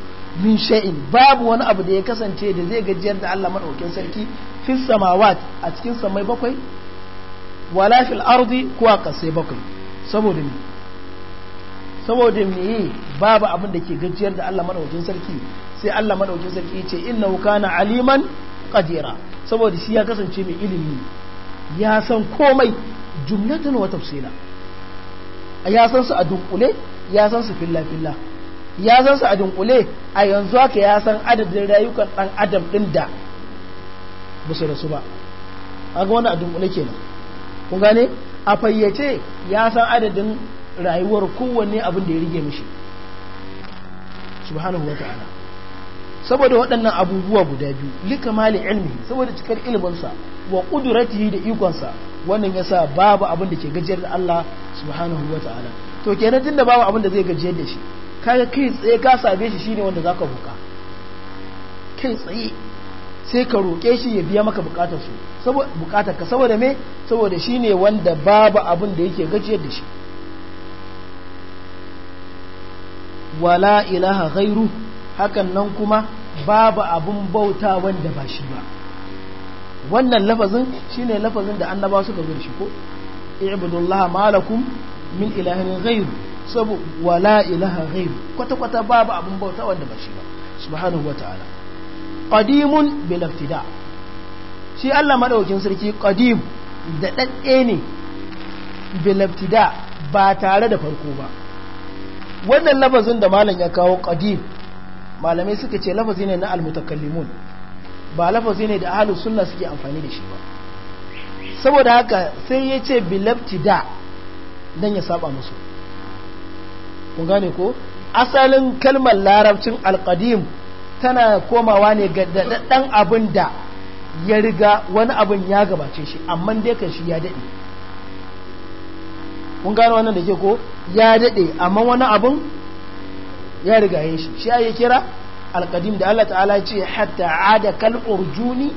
min shay'in babu wani abu da ya kasance da zai gajiyar da Allah madaukin sarki fis samawati a cikin samai bakwai wala fil ardi kuwa kasai bakwai saboda ne saboda meye babu abin da ke gajiyar da Allah madaukakin sarki sai Allah madaukakin sarki ce innahu kana aliman qadira saboda shi ya kasance mai ilimi ya san komai jumlatan wa tafsila ya san su a dunkule ya san su filla filla ya san su a dunkule a yanzu haka ya san adadin rayukan ɗan adam ɗin da ba su rasu ba a ga wani a dunkule kenan kun gane a fayyace ya san adadin rayuwar kowanne abin da ya rige mishi subhanahu wa ta'ala saboda waɗannan abubuwa guda biyu lika mali ilmi saboda cikar ilminsa wa ƙudurati da ikonsa wannan ya sa babu abin da ke gajiyar da Allah subhanahu wa ta'ala to kenan tun da babu abin da zai gajiyar da shi kaga kai tsaye ka sabe shi shine wanda zaka buƙa kai tsaye sai ka roƙe shi ya biya maka bukatar saboda bukatarka ka saboda me saboda shine wanda babu abin da yake gajiyar da shi wala ilaha ghairu hakan nan kuma babu abun bauta wanda ba shi ba wannan lafazin shine lafazin da annaba suka zo shi ko ibudullah malakum min ilahin ghairu sabu wala ilaha ghairu kwata kwata babu abun bauta wanda ba shi ba subhanahu wataala qadimun bil ibtida shi Allah madaukin sarki qadim da dadde ne bil ibtida ba tare da farko ba wannan lafazin da malam ya kawo qadim malamai suka ce lafazi ne na almutakallimun ba lafazi ne da ahlus sunna suke amfani da shi ba saboda haka sai ya ce da dan ya saba musu kun gane ko asalin kalmar larabcin alqadim tana komawa ne ga daɗaɗɗen abin da ya riga wani abin ya gabace shi amma dai kan shi ya daɗe mun gano wannan da ke ko ya daɗe amma wani abun ya riga yin shi shi ya kira alƙadim da Allah ta'ala ce hatta ada kal urjuni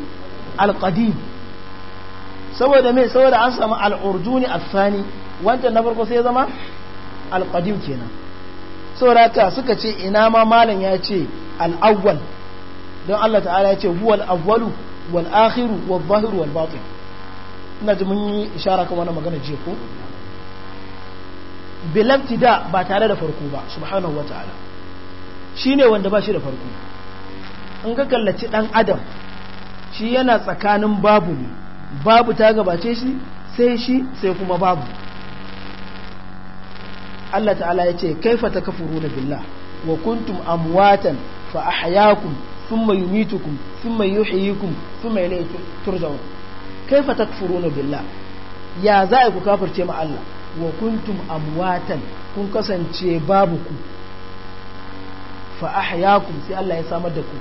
alƙadim saboda mai saboda an samu al'urjuni asani wanda na farko sai ya zama alƙadim kenan saboda ta suka ce ina ma malam ya ce al'awwal don Allah ta'ala ya ce huwal awwalu wal akhiru wal zahiru wal batin ina ji mun yi ishara kan wannan magana jiya ko bilabti da ba tare da farko ba subhanahu wa ta'ala shi ne wanda ba shi da farko in ka kallaci ɗan adam shi yana tsakanin babu ne babu ta gabace shi sai shi sai kuma babu Allah ta'ala ya ce kaifa ta kafuru na billah wa kuntum amwatan fa ahyakum thumma yumitukum thumma yuhyikum thumma ilayhi turja'un kaifa takfuruna billah ya za'i ku kafirce ma Allah wa kuntum amwatan kun kasance babu ku fa ahyaakum sai Allah ya samar da ku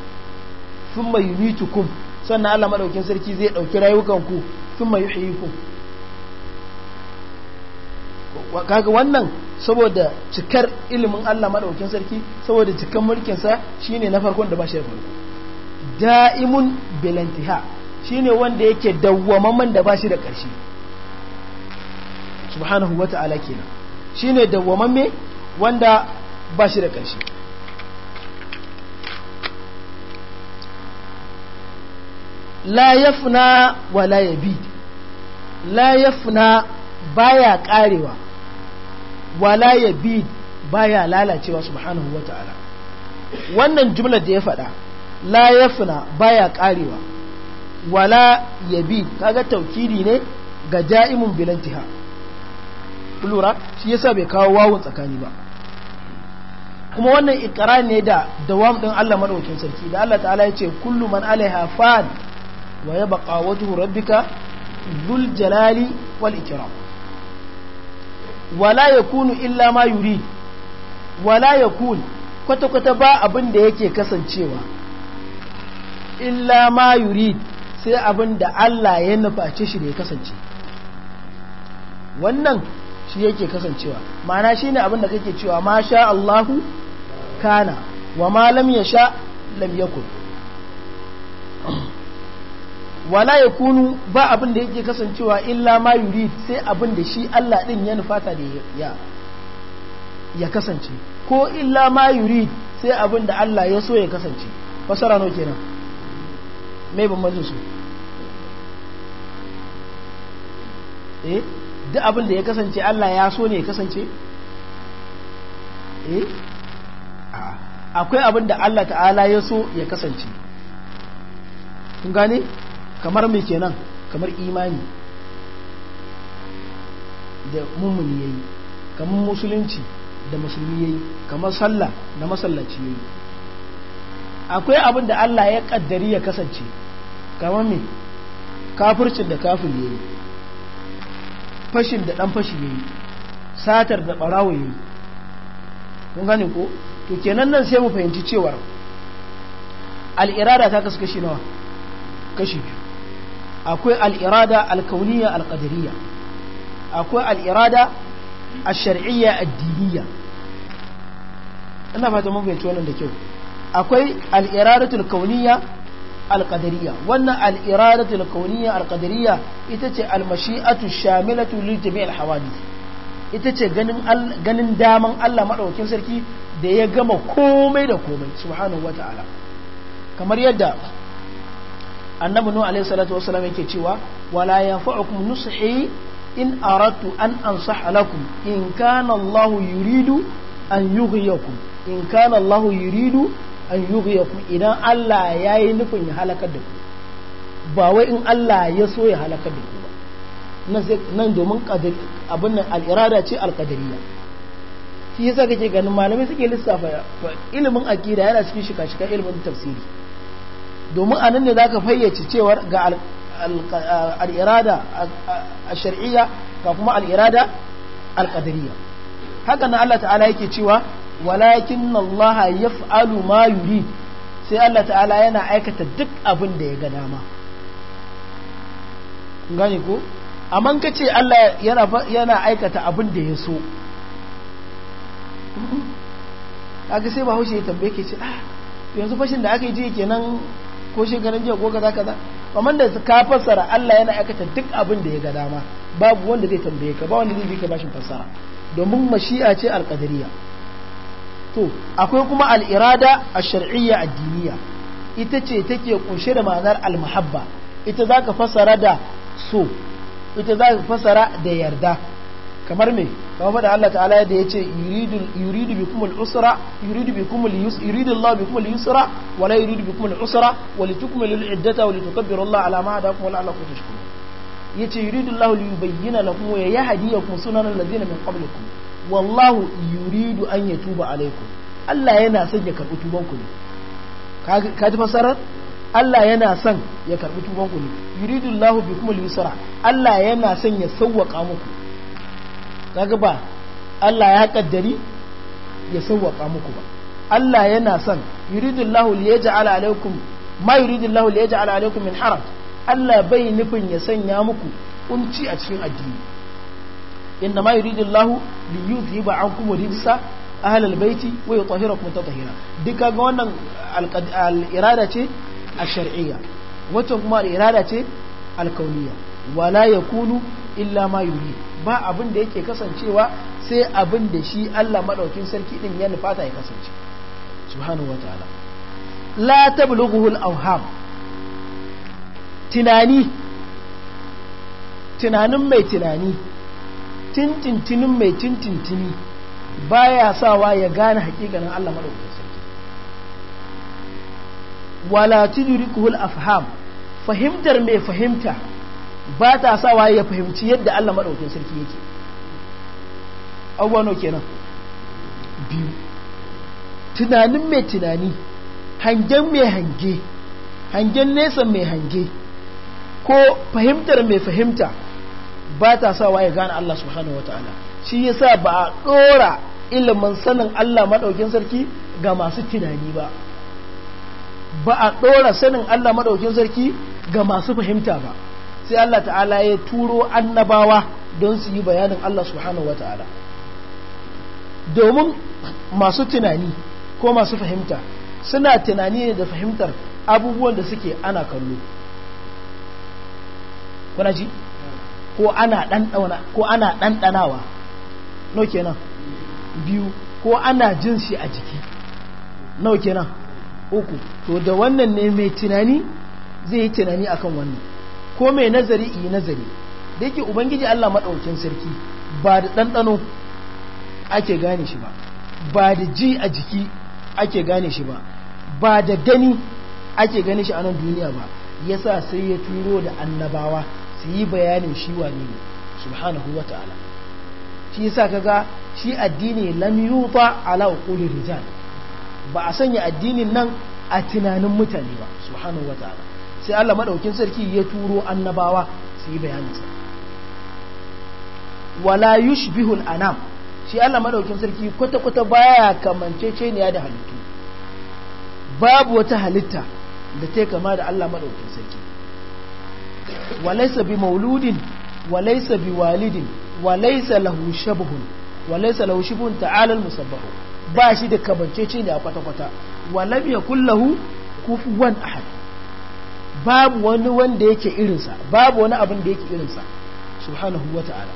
thumma yumitukum sannan Allah madaukin sarki zai dauki rayukan ku thumma yuhyikum kaga wannan saboda cikar ilimin Allah madaukin sarki saboda cikar mulkin sa shine na farkon da ba shi da farko da'imun bilantiha shine wanda yake dawwamamman da ba shi da ƙarshe subhanahu wa ta'ala kenan shine dawwamamme wanda ba shi da ƙarshe la yafna wa la bi la yafna baya wa la ba ya lalacewa subhanahu wa ta'ala wannan jumlar da ya faɗa la yafna baya ƙarewa wala yabi ga taukidi ne ga ja'imun bilantiha lura shi yasa bai kawo wawun tsakani ba kuma wannan ikra ne da dawam din Allah madaukakin sarki da Allah ta'ala ya ce kullu man alaiha fan wa yabqa wajhu rabbika dhul jalali wal ikram wala yakunu illa ma yuri wala yakun kwata kwata ba abin da yake kasancewa illa ma yuri sai abin da Allah ya naface shi da ya kasance wannan shi yake kasancewa ma'ana shi ne abinda kake cewa ma sha Allahu kana wa ma lam ya sha lam yakun wala ya kunu ba abinda yake kasancewa illa ma yuri sai abin shi Allah din ya nufata da ya ya kasance ko illa ma yuri sai abinda Allah ya so ya kasance fasara no kenan me bambancin su eh duk abin da ya kasance Allah ya so ne ya kasance eh akwai abin da Allah ta'ala ya so ya kasance kun gane kamar mai kenan kamar imani da mummuni ya yi kamar musulunci da musulmi yi kamar sallah da masallaci yi. akwai abin da Allah ya kaddari ya kasance kamar mai kafircin da kafin yi. fashin da ɗan fashi ya yi satar da barawo yayi kun gane ko to kenan nan sai mu fahimci cewar al'irada ta kasu kashi nawa kashi biyu akwai al'irada alkauniya alƙadariya akwai al'irada a shari'iyya addiniya ina fata mun fahimci da kyau akwai al'iradatul kauniya alqadariyya wannan al-iradatu al-kawniyya ita ce al shamilatu li jami' al-hawadith ita ce ganin ganin daman Allah maɗaukin sarki da ya gama komai da komai subhanahu wata'ala kamar yadda annabi nuhu alaihi salatu wasallam yake cewa wala yanfa'ukum nushi in aradtu an ansaha lakum in kana Allah yuridu an yughyikum in kana Allah yuridu an yughyakum idan Allah ya yi nufin ya halakar da ku ba wai in Allah ya so ya halakar da ku ba nan domin abin nan al'irada ce alƙadariya shi yasa kake ganin malamai suke lissafa ilimin akida yana cikin shika-shika ilimin tafsiri domin a nan ne za ka fayyace cewar ga al'irada a shari'iyya ga kuma al'irada alƙadariya haka na Allah ta'ala yake cewa walakin Allah yaf'alu ma yuri sai Allah ta'ala yana aikata duk abin da ya ga dama gani ko amma ka ce Allah yana aikata abin da ya so kaga sai haushe ya tambaye ke ce ah yanzu fashin da aka yi jiya kenan ko shekarun jiya ko kaza kaza amma da ka fassara Allah yana aikata duk abin da ya ga dama babu wanda zai tambaye ka ba wanda zai bi ka bashin fassara domin mashi'a ce alqadariya to akwai kuma al'irada a shar'iyya addiniya ita ce take kunshe da al-muhabba. ita za ka fasara da so ita za ka fasara da yarda kamar me kamar faɗa Allah ta'ala da ya ce yuridu bikum al-usra yuridu bikum al-yusra yuridu Allah bikum al-yusra wa la yuridu bikum al-usra wa litukmilu Allah ala ma hadakum wa la'allakum tashkurun yace yuridu Allah li yubayyana lakum wa yahdiyakum sunan alladhina min qablikum wallahu yuridu an tuba alaikum Allah yana son ya karbi tuban ku ne ka ji fasarar Allah yana son ya karbi tuban ku ne yuridu Allahu bi kuma yusra Allah yana son ya sawwaka muku kaga ba Allah ya kaddari ya sawwaka muku ba Allah yana son yuridu Allahu liyaj'ala alaikum ma yuridu Allahu liyaj'ala alaikum min haraj Allah bai nufin ya sanya muku kunci a cikin addini inna ma yuridu Allahu li yudhiba ankum rijsa ahli albayti wa yutahhirakum tatahira duka ga wannan al-irada ce ash-shar'iyya wacce kuma al-irada ce al-kauniyya ya yakunu illa ma yuri ba abin da yake kasancewa sai abin da shi Allah madaukin sarki din ya nufata ya kasance subhanahu ta'ala la tablughu al-awham tunani tunanin mai tunani tintintinin mai tintintini baya sawa ya gane hakikanin Allah madaukakin sarki wala tudrikuhul afham fahimtar mai fahimta ba ta sawa ya fahimci yadda Allah madaukakin sarki yake abubuwa kenan biyu tunanin mai tunani hangen mai hange hangen nesa mai hange ko fahimtar mai fahimta ba ta sawa ya gane Allah subhanahu ta'ala shi ya sa ba a ɗora ilimin sanin Allah maɗaukin sarki ga masu tunani ba ba a ɗora sanin Allah maɗaukin sarki ga masu fahimta ba sai Allah ta'ala ya turo annabawa don su yi bayanin Allah subhanahu ta'ala. domin masu tunani ko masu fahimta suna tunani ne da fahimtar abubuwan da suke ana kallo kuna ko ana ɗanɗana ko ana ɗanɗanawa no kenan biyu ko ana jin shi a jiki no kenan uku to da wannan ne mai tunani zai yi tunani akan wannan ko mai nazari yi nazari da yake ubangiji Allah maɗaukin sarki ba da ɗanɗano ake gane shi ba ba da ji a jiki ake gane shi ba ba da gani ake gane shi a nan duniya ba yasa sai ya turo da annabawa su yi bayanin shi wane ne subhanahu wa ta'ala shi yasa kaga shi addini lam yuta ala uquli rijal ba a sanya addinin nan a tunanin mutane ba subhanahu wa ta'ala sai Allah madaukin sarki ya turo annabawa su yi bayanin sa wala yushbihu al-anam shi Allah madaukin sarki kwata-kwata baya kamanceceniya da halittu babu wata halitta da ta kama da Allah madaukin sarki walaysa bi mauludin walaysa bi walidin walaysa lahu shabhun walaysa lahu shibhun ta'ala al ba shi da kabancece ne a kwata-kwata walam yakul lahu kufuwan ahad babu wani wanda yake irinsa babu wani abin da yake irinsa subhanahu wata'ala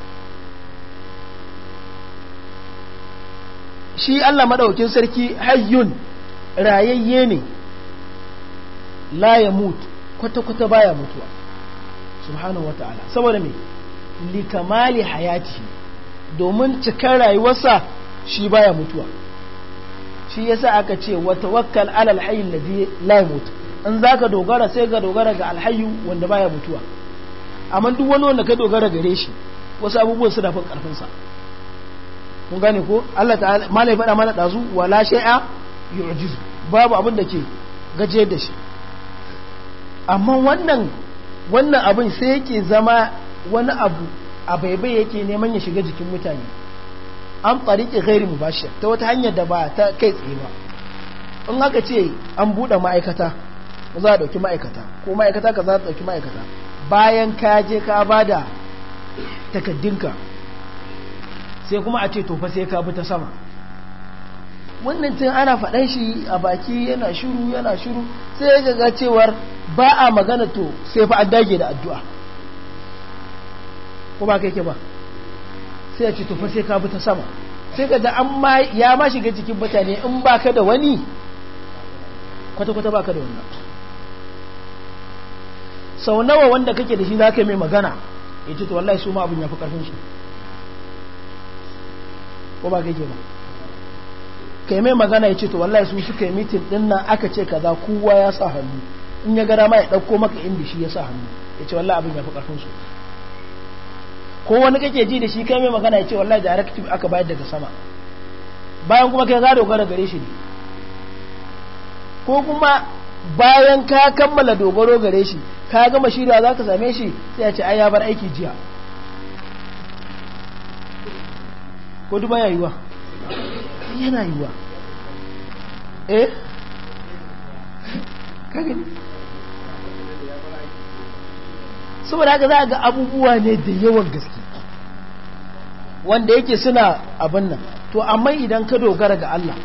shi Allah maɗaukin sarki hayyun rayayye ne la ya mutu kwata-kwata baya mutuwa subhanahu wata'ala saboda mai likamali hayati domin cikin rayuwarsa shi baya mutuwa shi yasa aka ce wata tawakkal ala alhayy alladhi la yamut in zaka dogara sai ka dogara ga alhayyu wanda baya mutuwa amma duk wani wanda ka dogara gare shi wasu abubuwan suna dafa karfin sa kun gane ko Allah ta'ala malai faɗa mana dazu wala shay'a yu'jizu babu abin da ke gaje da shi amma wannan wannan abin sai yake zama wani abu a baibai yake neman ya shiga jikin mutane an tsariki gairi mubashir ta wata hanyar da ba ta kai tsaye ba in haka ce an buɗe ma'aikata za a ɗauki ma'aikata ko ma'aikata ka za a ɗauki ma'aikata bayan ka je ka ba da takaddinka sai kuma a ce tofa sai ka bi ta sama wannan tun ana faɗan shi a baki yana shiru yana shiru sai ya ga cewar ba a magana to sai fa an dage da addu'a ko ba kai ke ba sai ya ce to sai ka bi ta sama sai ka da an ma ya ma shiga cikin mutane in ba ka da wani kwata-kwata ba ka da wannan sau nawa wanda kake da shi za ka mai magana ya ce to wallahi su ma abin ya fi ƙarfin shi ko ba kai ke ba kai mai magana ya ce to wallahi su suka yi mitin din nan aka ce kaza kowa ya sa hannu in ya gara ma ya ɗauko maka inda shi ya sa hannu ya ce wallahi abin ya fi ƙarfin su ko wani kake ji da shi kai mai magana ya ce wallahi directive aka bayar daga sama bayan kuma kai za dogara gare shi ne ko kuma bayan ka kammala dogaro gare shi ka gama shirya za ka same shi sai ya ce ai ya bar aiki jiya ko duba ya wa. yana yiwa eh kagani saboda haka za a ga abubuwa ne da yawan gaske wanda yake suna abin nan to amma idan ka dogara ga Allah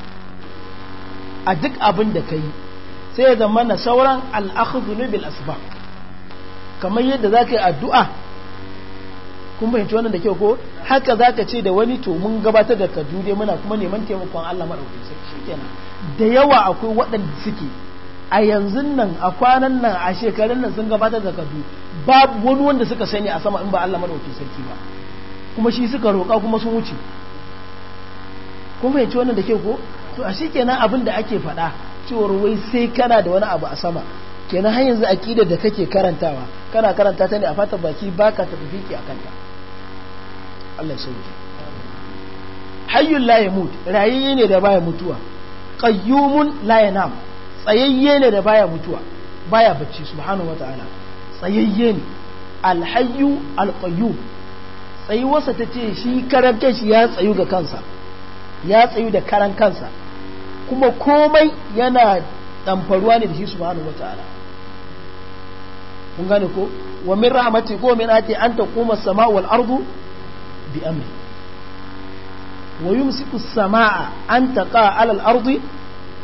a duk abin da ka yi sai ya zama na sauran na bil asbab kamar yadda za ka yi addu'a kun fahimci wannan da kyau ko haka za ka ce da wani to mun gabatar da ka muna kuma neman taimakon Allah maɗauki kenan da yawa akwai waɗanda suke a yanzu nan a kwanan nan a shekarun nan sun gabatar da kadu babu wani wanda suka sani a sama in ba Allah maɗauki sarki ba kuma shi suka roƙa kuma sun wuce kun fahimci wannan da kyau ko to a shikenan abin da ake faɗa cewar wai sai kana da wani abu a sama kenan har yanzu akidar da kake karantawa kana karanta ta ne a fata baki baka tafi fiki a kanta. Allah ya mut hayyul la rayayye ne da baya mutuwa qayyumun la yanam tsayayye ne da baya mutuwa baya bacci subhanahu wataala tsayayye ne alhayyu alqayyum tsayuwarsa ta ce shi karan kanshi ya tsayu ga kansa ya tsayu da karan kansa kuma komai yana ɗamfaruwa ne da shi subhanahu wataala kun gane ko wa min rahmati ko min ati an taquma samaa sama wal ardu bi amri wa yumsiku samaa an taqa ala al-ardi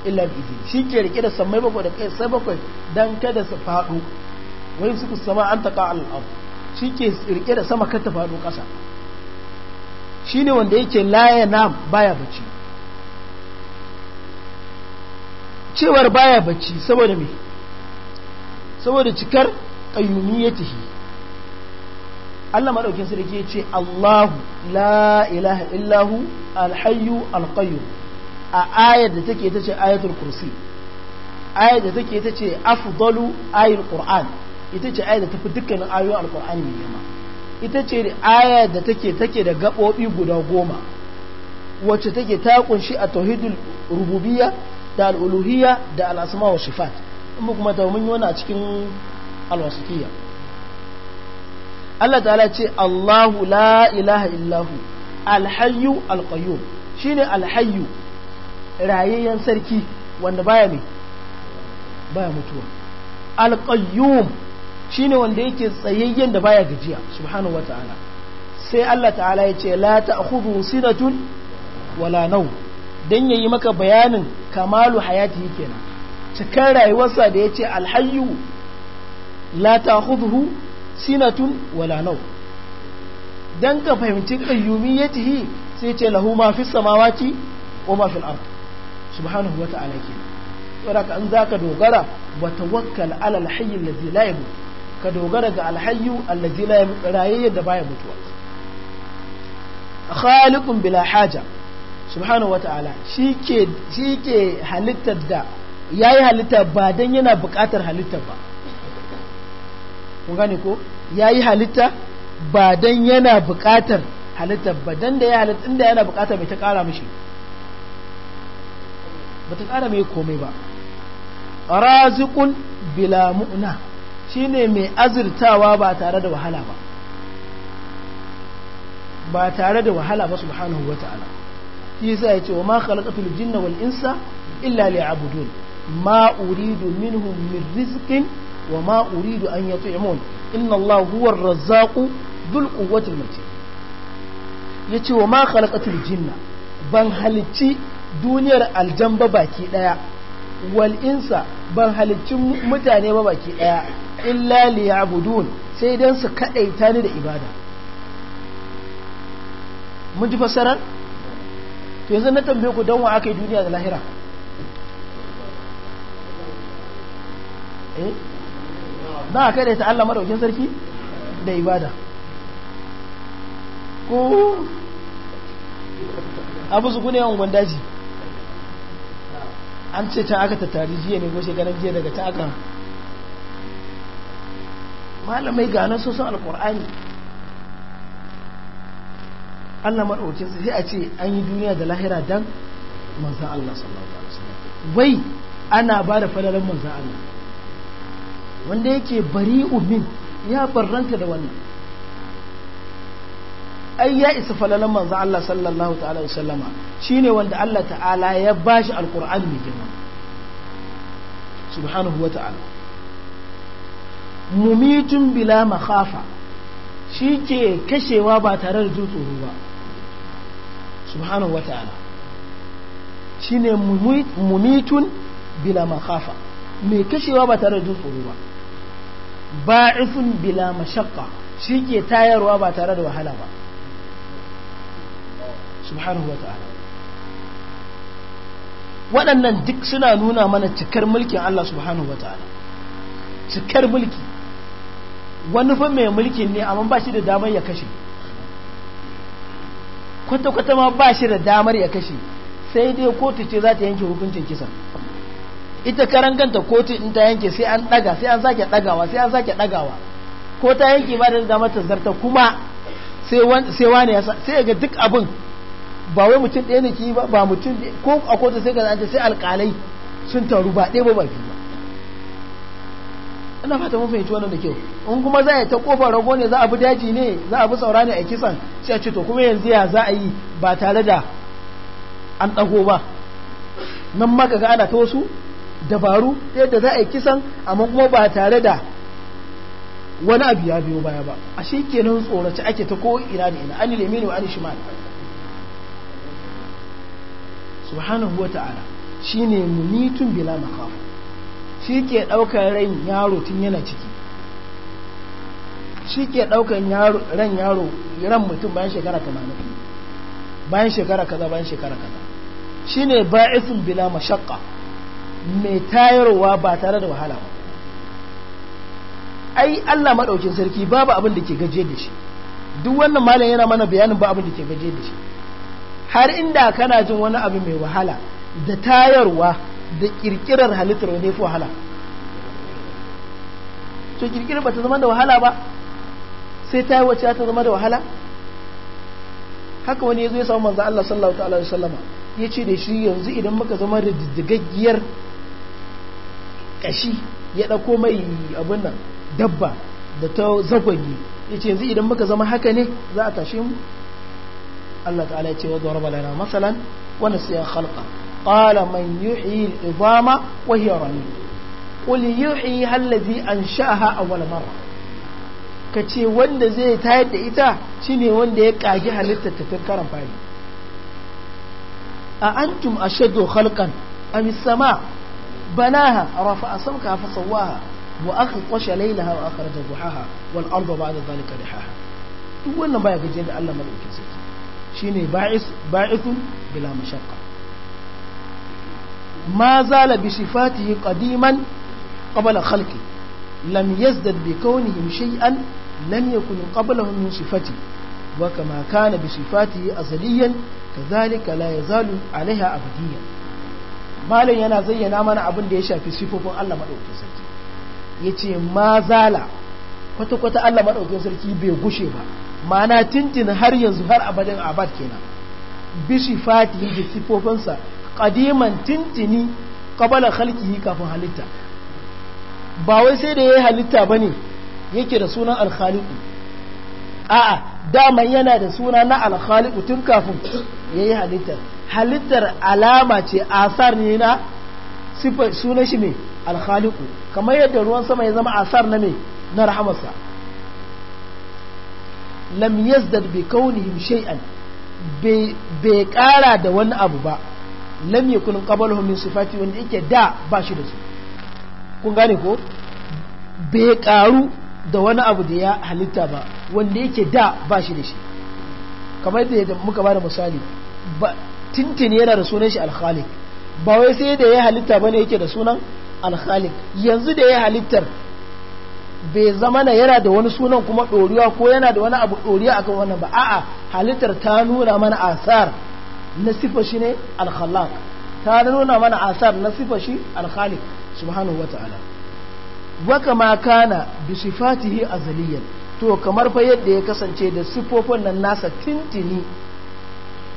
illa bi shi ke rike da samai bakwai da kai sai bakwai dan kada su faɗo wa yumsiku samaa an taqa ala al-ardi shi ke rike da sama kar ta ƙasa kasa ne wanda yake la na baya bacci cewar baya bacci saboda me saboda cikar ƙayyumiyyatihi Allah madaukin sarki ya ce Allahu la ilaha illahu alhayyu alqayyum a ayar da take ta ce ayatul kursi ayar da take ta ce afdalu ayil qur'an ita ce ayar da tafi dukkanin ayoyin alqur'ani mai yamma ita ce ayar da take take da gabobi guda goma wacce take ta kunshi a tauhidul rububiyya da al al-uluhiyya da al al-asma wa sifat in kuma ta mun yi wani a cikin al alwasitiyya Allah ta'ala ce Allahu la ilaha illahu alhayyu alqayyum shine alhayyu rayayyen sarki wanda baya mai baya mutuwa alqayyum shine wanda yake tsayayyen da baya gajiya subhanahu wata'ala sai Allah ta'ala ya ce la ta'khudhu sinatun wala naw dan yayi maka bayanin kamalu hayati kenan cikin rayuwarsa da yace alhayyu la ta'khudhu sinatun wala nau dan ka fahimci kayyumi ya tihi sai ce lahu ma fis samawati wa ma fi ard subhanahu wa ta'ala ke saboda an ka dogara wa tawakkal ala al hayy alladhi la yamut ka dogara ga al hayy alladhi la yamut rayaye da baya mutuwa khaliqun bila haja subhanahu wa ta'ala shike shike halittar da ya yi halitta ba dan yana bukatar halittar ba kun gane ko ya yi halitta ba dan yana buƙatar halitta ba dan da ya halitta inda yana buƙatar mai ta ƙara mashi ba ta ƙara mai komai ba razikun bilamuna shi shine mai azurtawa ba tare da wahala ba ba tare da wahala ba subhanahu wata'ala shi ya yace wa ma khalaqatul jinna wal insa illa liya'budun ma uridu minhum min rizqin wa ma uridu an yat'imun inna Allah huwa ar-razzaqu dhul quwwati al-matin yace wa ma khalaqatul jinna ban halicci duniyar aljamba baki daya wal insa ban halicci mutane ba baki daya illa liya'budun sai dan su kadaita ni da ibada mun ji fasarar to yanzu na tambaye ku dan wa aka yi duniya da lahira eh za a kai da ta Allah madaukin sarki da ibada ko abu su kune yawan gwandaji an ce ta aka tattari jiya ne ko shekaran jiya daga ta aka malamai so sosan alkur'ani Allah maɗaukin sai a ce an yi duniya da lahira dan manzan Allah sallallahu alaihi wasallam wai ana ba da falalar manzan Allah wanda yake bari umin ya barranta da wannan ai ya isa falalan manzo Allah sallallahu ta'ala wa sallama shine wanda Allah ta'ala ya bashi alqur'ani mai girma subhanahu wa ta'ala mumitun bila makhafa shi ke kashewa ba tare da tsoro ba subhanahu wa ta'ala shine mumitun bila makhafa mai kashewa ba tare da tsoro ba ba'ifun bila mashakka shi ke tayarwa ba tare da wahala ba subhanahu wa ta'ala waɗannan duk suna nuna mana cikar mulkin Allah subhanahu wa ta'ala cikar mulki wani fa mai mulkin ne amma ba shi da damar ya kashe kwata-kwata ma ba shi da damar ya kashe sai dai kotu ce za ta yanke hukuncin kisan ita karanganta kotu in ta yanke sai an daga sai an sake dagawa sai an sake dagawa ko ta yanke ba da zama ta zarta kuma sai wani ya sai ga duk abin ba wai mutum ɗaya ne ki ba ba mutum ko a kotu sai ga an sai alƙalai sun taru ba ɗaya ba ba biyu ba ina fata mun fahimci wannan da kyau in kuma za a ta kofar rago ne za a bi daji ne za a bi saura ne a kisan sai a ce to kuma yanzu ya za a yi ba tare da an ɗago ba nan maka ga ana ta wasu dabaru yadda za a yi kisan amma kuma ba tare da wani abu ya biyo baya ba a shi kenan tsoraci ake ta ko ina da ina anil yamini wa shi ma'a subhanahu wa ta'ala shi ne munitun bila makhaf shi ke daukar ran yaro tun yana ciki shi ke daukar ran yaro ran mutum bayan shekara 80 bayan shekara kaza bayan shekara kaza ne ba'ithun bila mashakka mai tayarwa ba tare da wahala ba ai Allah maɗaukin sarki babu abin da ke gajiyar da shi duk wannan malam yana mana bayanin ba abin da ke gajiyar da shi har inda kana jin wani abu mai wahala da tayarwa da kirkirar halittar wani fi wahala to kirkirar ba ta zama da wahala ba sai ta wacce ta zama da wahala haka wani ya zo ya samu manzo Allah sallallahu ta'ala alaihi wasallama ya ce da shi yanzu idan muka zama da diddigaggiyar ƙashi ya ɗauko mai abin nan dabba da ta zagwagi ya ce yanzu idan muka zama haka ne za a tashe mu Allah ta'ala ya ce wa zuwa lana masalan wani sai khalqa ƙala man yuhi izama wa hiya rami qul yuhi allazi ansha'aha awwal marra ka ce wanda zai tayar da ita shine wanda ya kagi halittar ta karan fari a antum ashaddu khalqan am sama بناها رفع سمكها فصواها قش ليلها وأخرج ضحاها والأرض بعد ذلك رحاها وأنه ما يجب أن الله ملك سيتي شيني باعث باعث بلا مشقة ما زال بصفاته قديما قبل خلقه لم يزدد بكونهم شيئا لم يكن قبله من شفاته وكما كان بصفاته أزليا كذلك لا يزال عليها أبديا malam yana zayyana mana abin da ya shafi sifofin Allah madaukakin sarki yace ma zala kwata kwata Allah maɗaukin sarki bai gushe ba mana tintin har yanzu har abadin abad kenan bishi fati da sifofinsa ƙadiman tintini ƙabalar halki kafin halitta ba wai sai da ya yi halitta ba ne yake da sunan al a'a dama yana da suna na al tun kafin ya yi halitta halittar alama ce asar ne na sifar suna shi ne alhaliku kamar yadda ruwan sama ya zama asar na me na rahamarsa lam yazdad bi kaunihim shay'an bai kara da wani abu ba lam yakun homin min sifati wanda yake da ba shi da su kun gane ko bai karu da wani abu da ya halitta ba wanda yake da ba shi da shi kamar yadda muka ba da misali tintini yana da sunan shi alkhalik ba wai sai da ya halitta bane yake da sunan alkhalik yanzu da ya halittar bai zama na yana da wani sunan kuma ɗoriwa ko yana da wani abu ɗoriya akan wannan ba a'a halittar ta nuna mana asar na sifa shi ne alkhalak ta nuna mana asar na sifa shi alkhalik subhanahu wa ta'ala wa kama kana bi sifatihi azaliyan to kamar fa yadda ya kasance da sifofin nan nasa tintini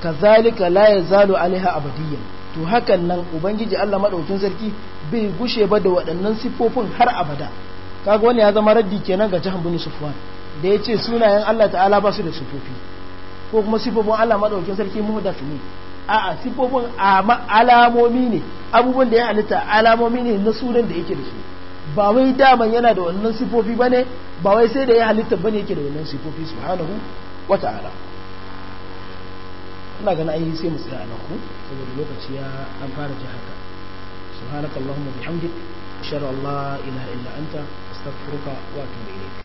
kazalika la zalo alaiha abadiyya to hakan nan ubangiji Allah madaukin sarki bai gushe ba da waɗannan sifofin har abada kaga wani ya zama raddi kenan ga jahan bin sufwan da ya sunayen Allah ta'ala ba su da sifofi ko kuma sifofin Allah madaukin sarki muhdath ne a'a sifofin alamomi ne abubuwan da ya halitta alamomi ne na sunan da yake da su ba wai daman yana da wannan sifofi bane ba wai sai da ya halitta bane yake da wannan sifofi subhanahu wata'ala ina ganin ayi sai mu tsaya nan ku saboda lokaci ya an fara ji haka subhanakallahumma bihamdik ashhadu an la ilaha illa anta astaghfiruka wa atubu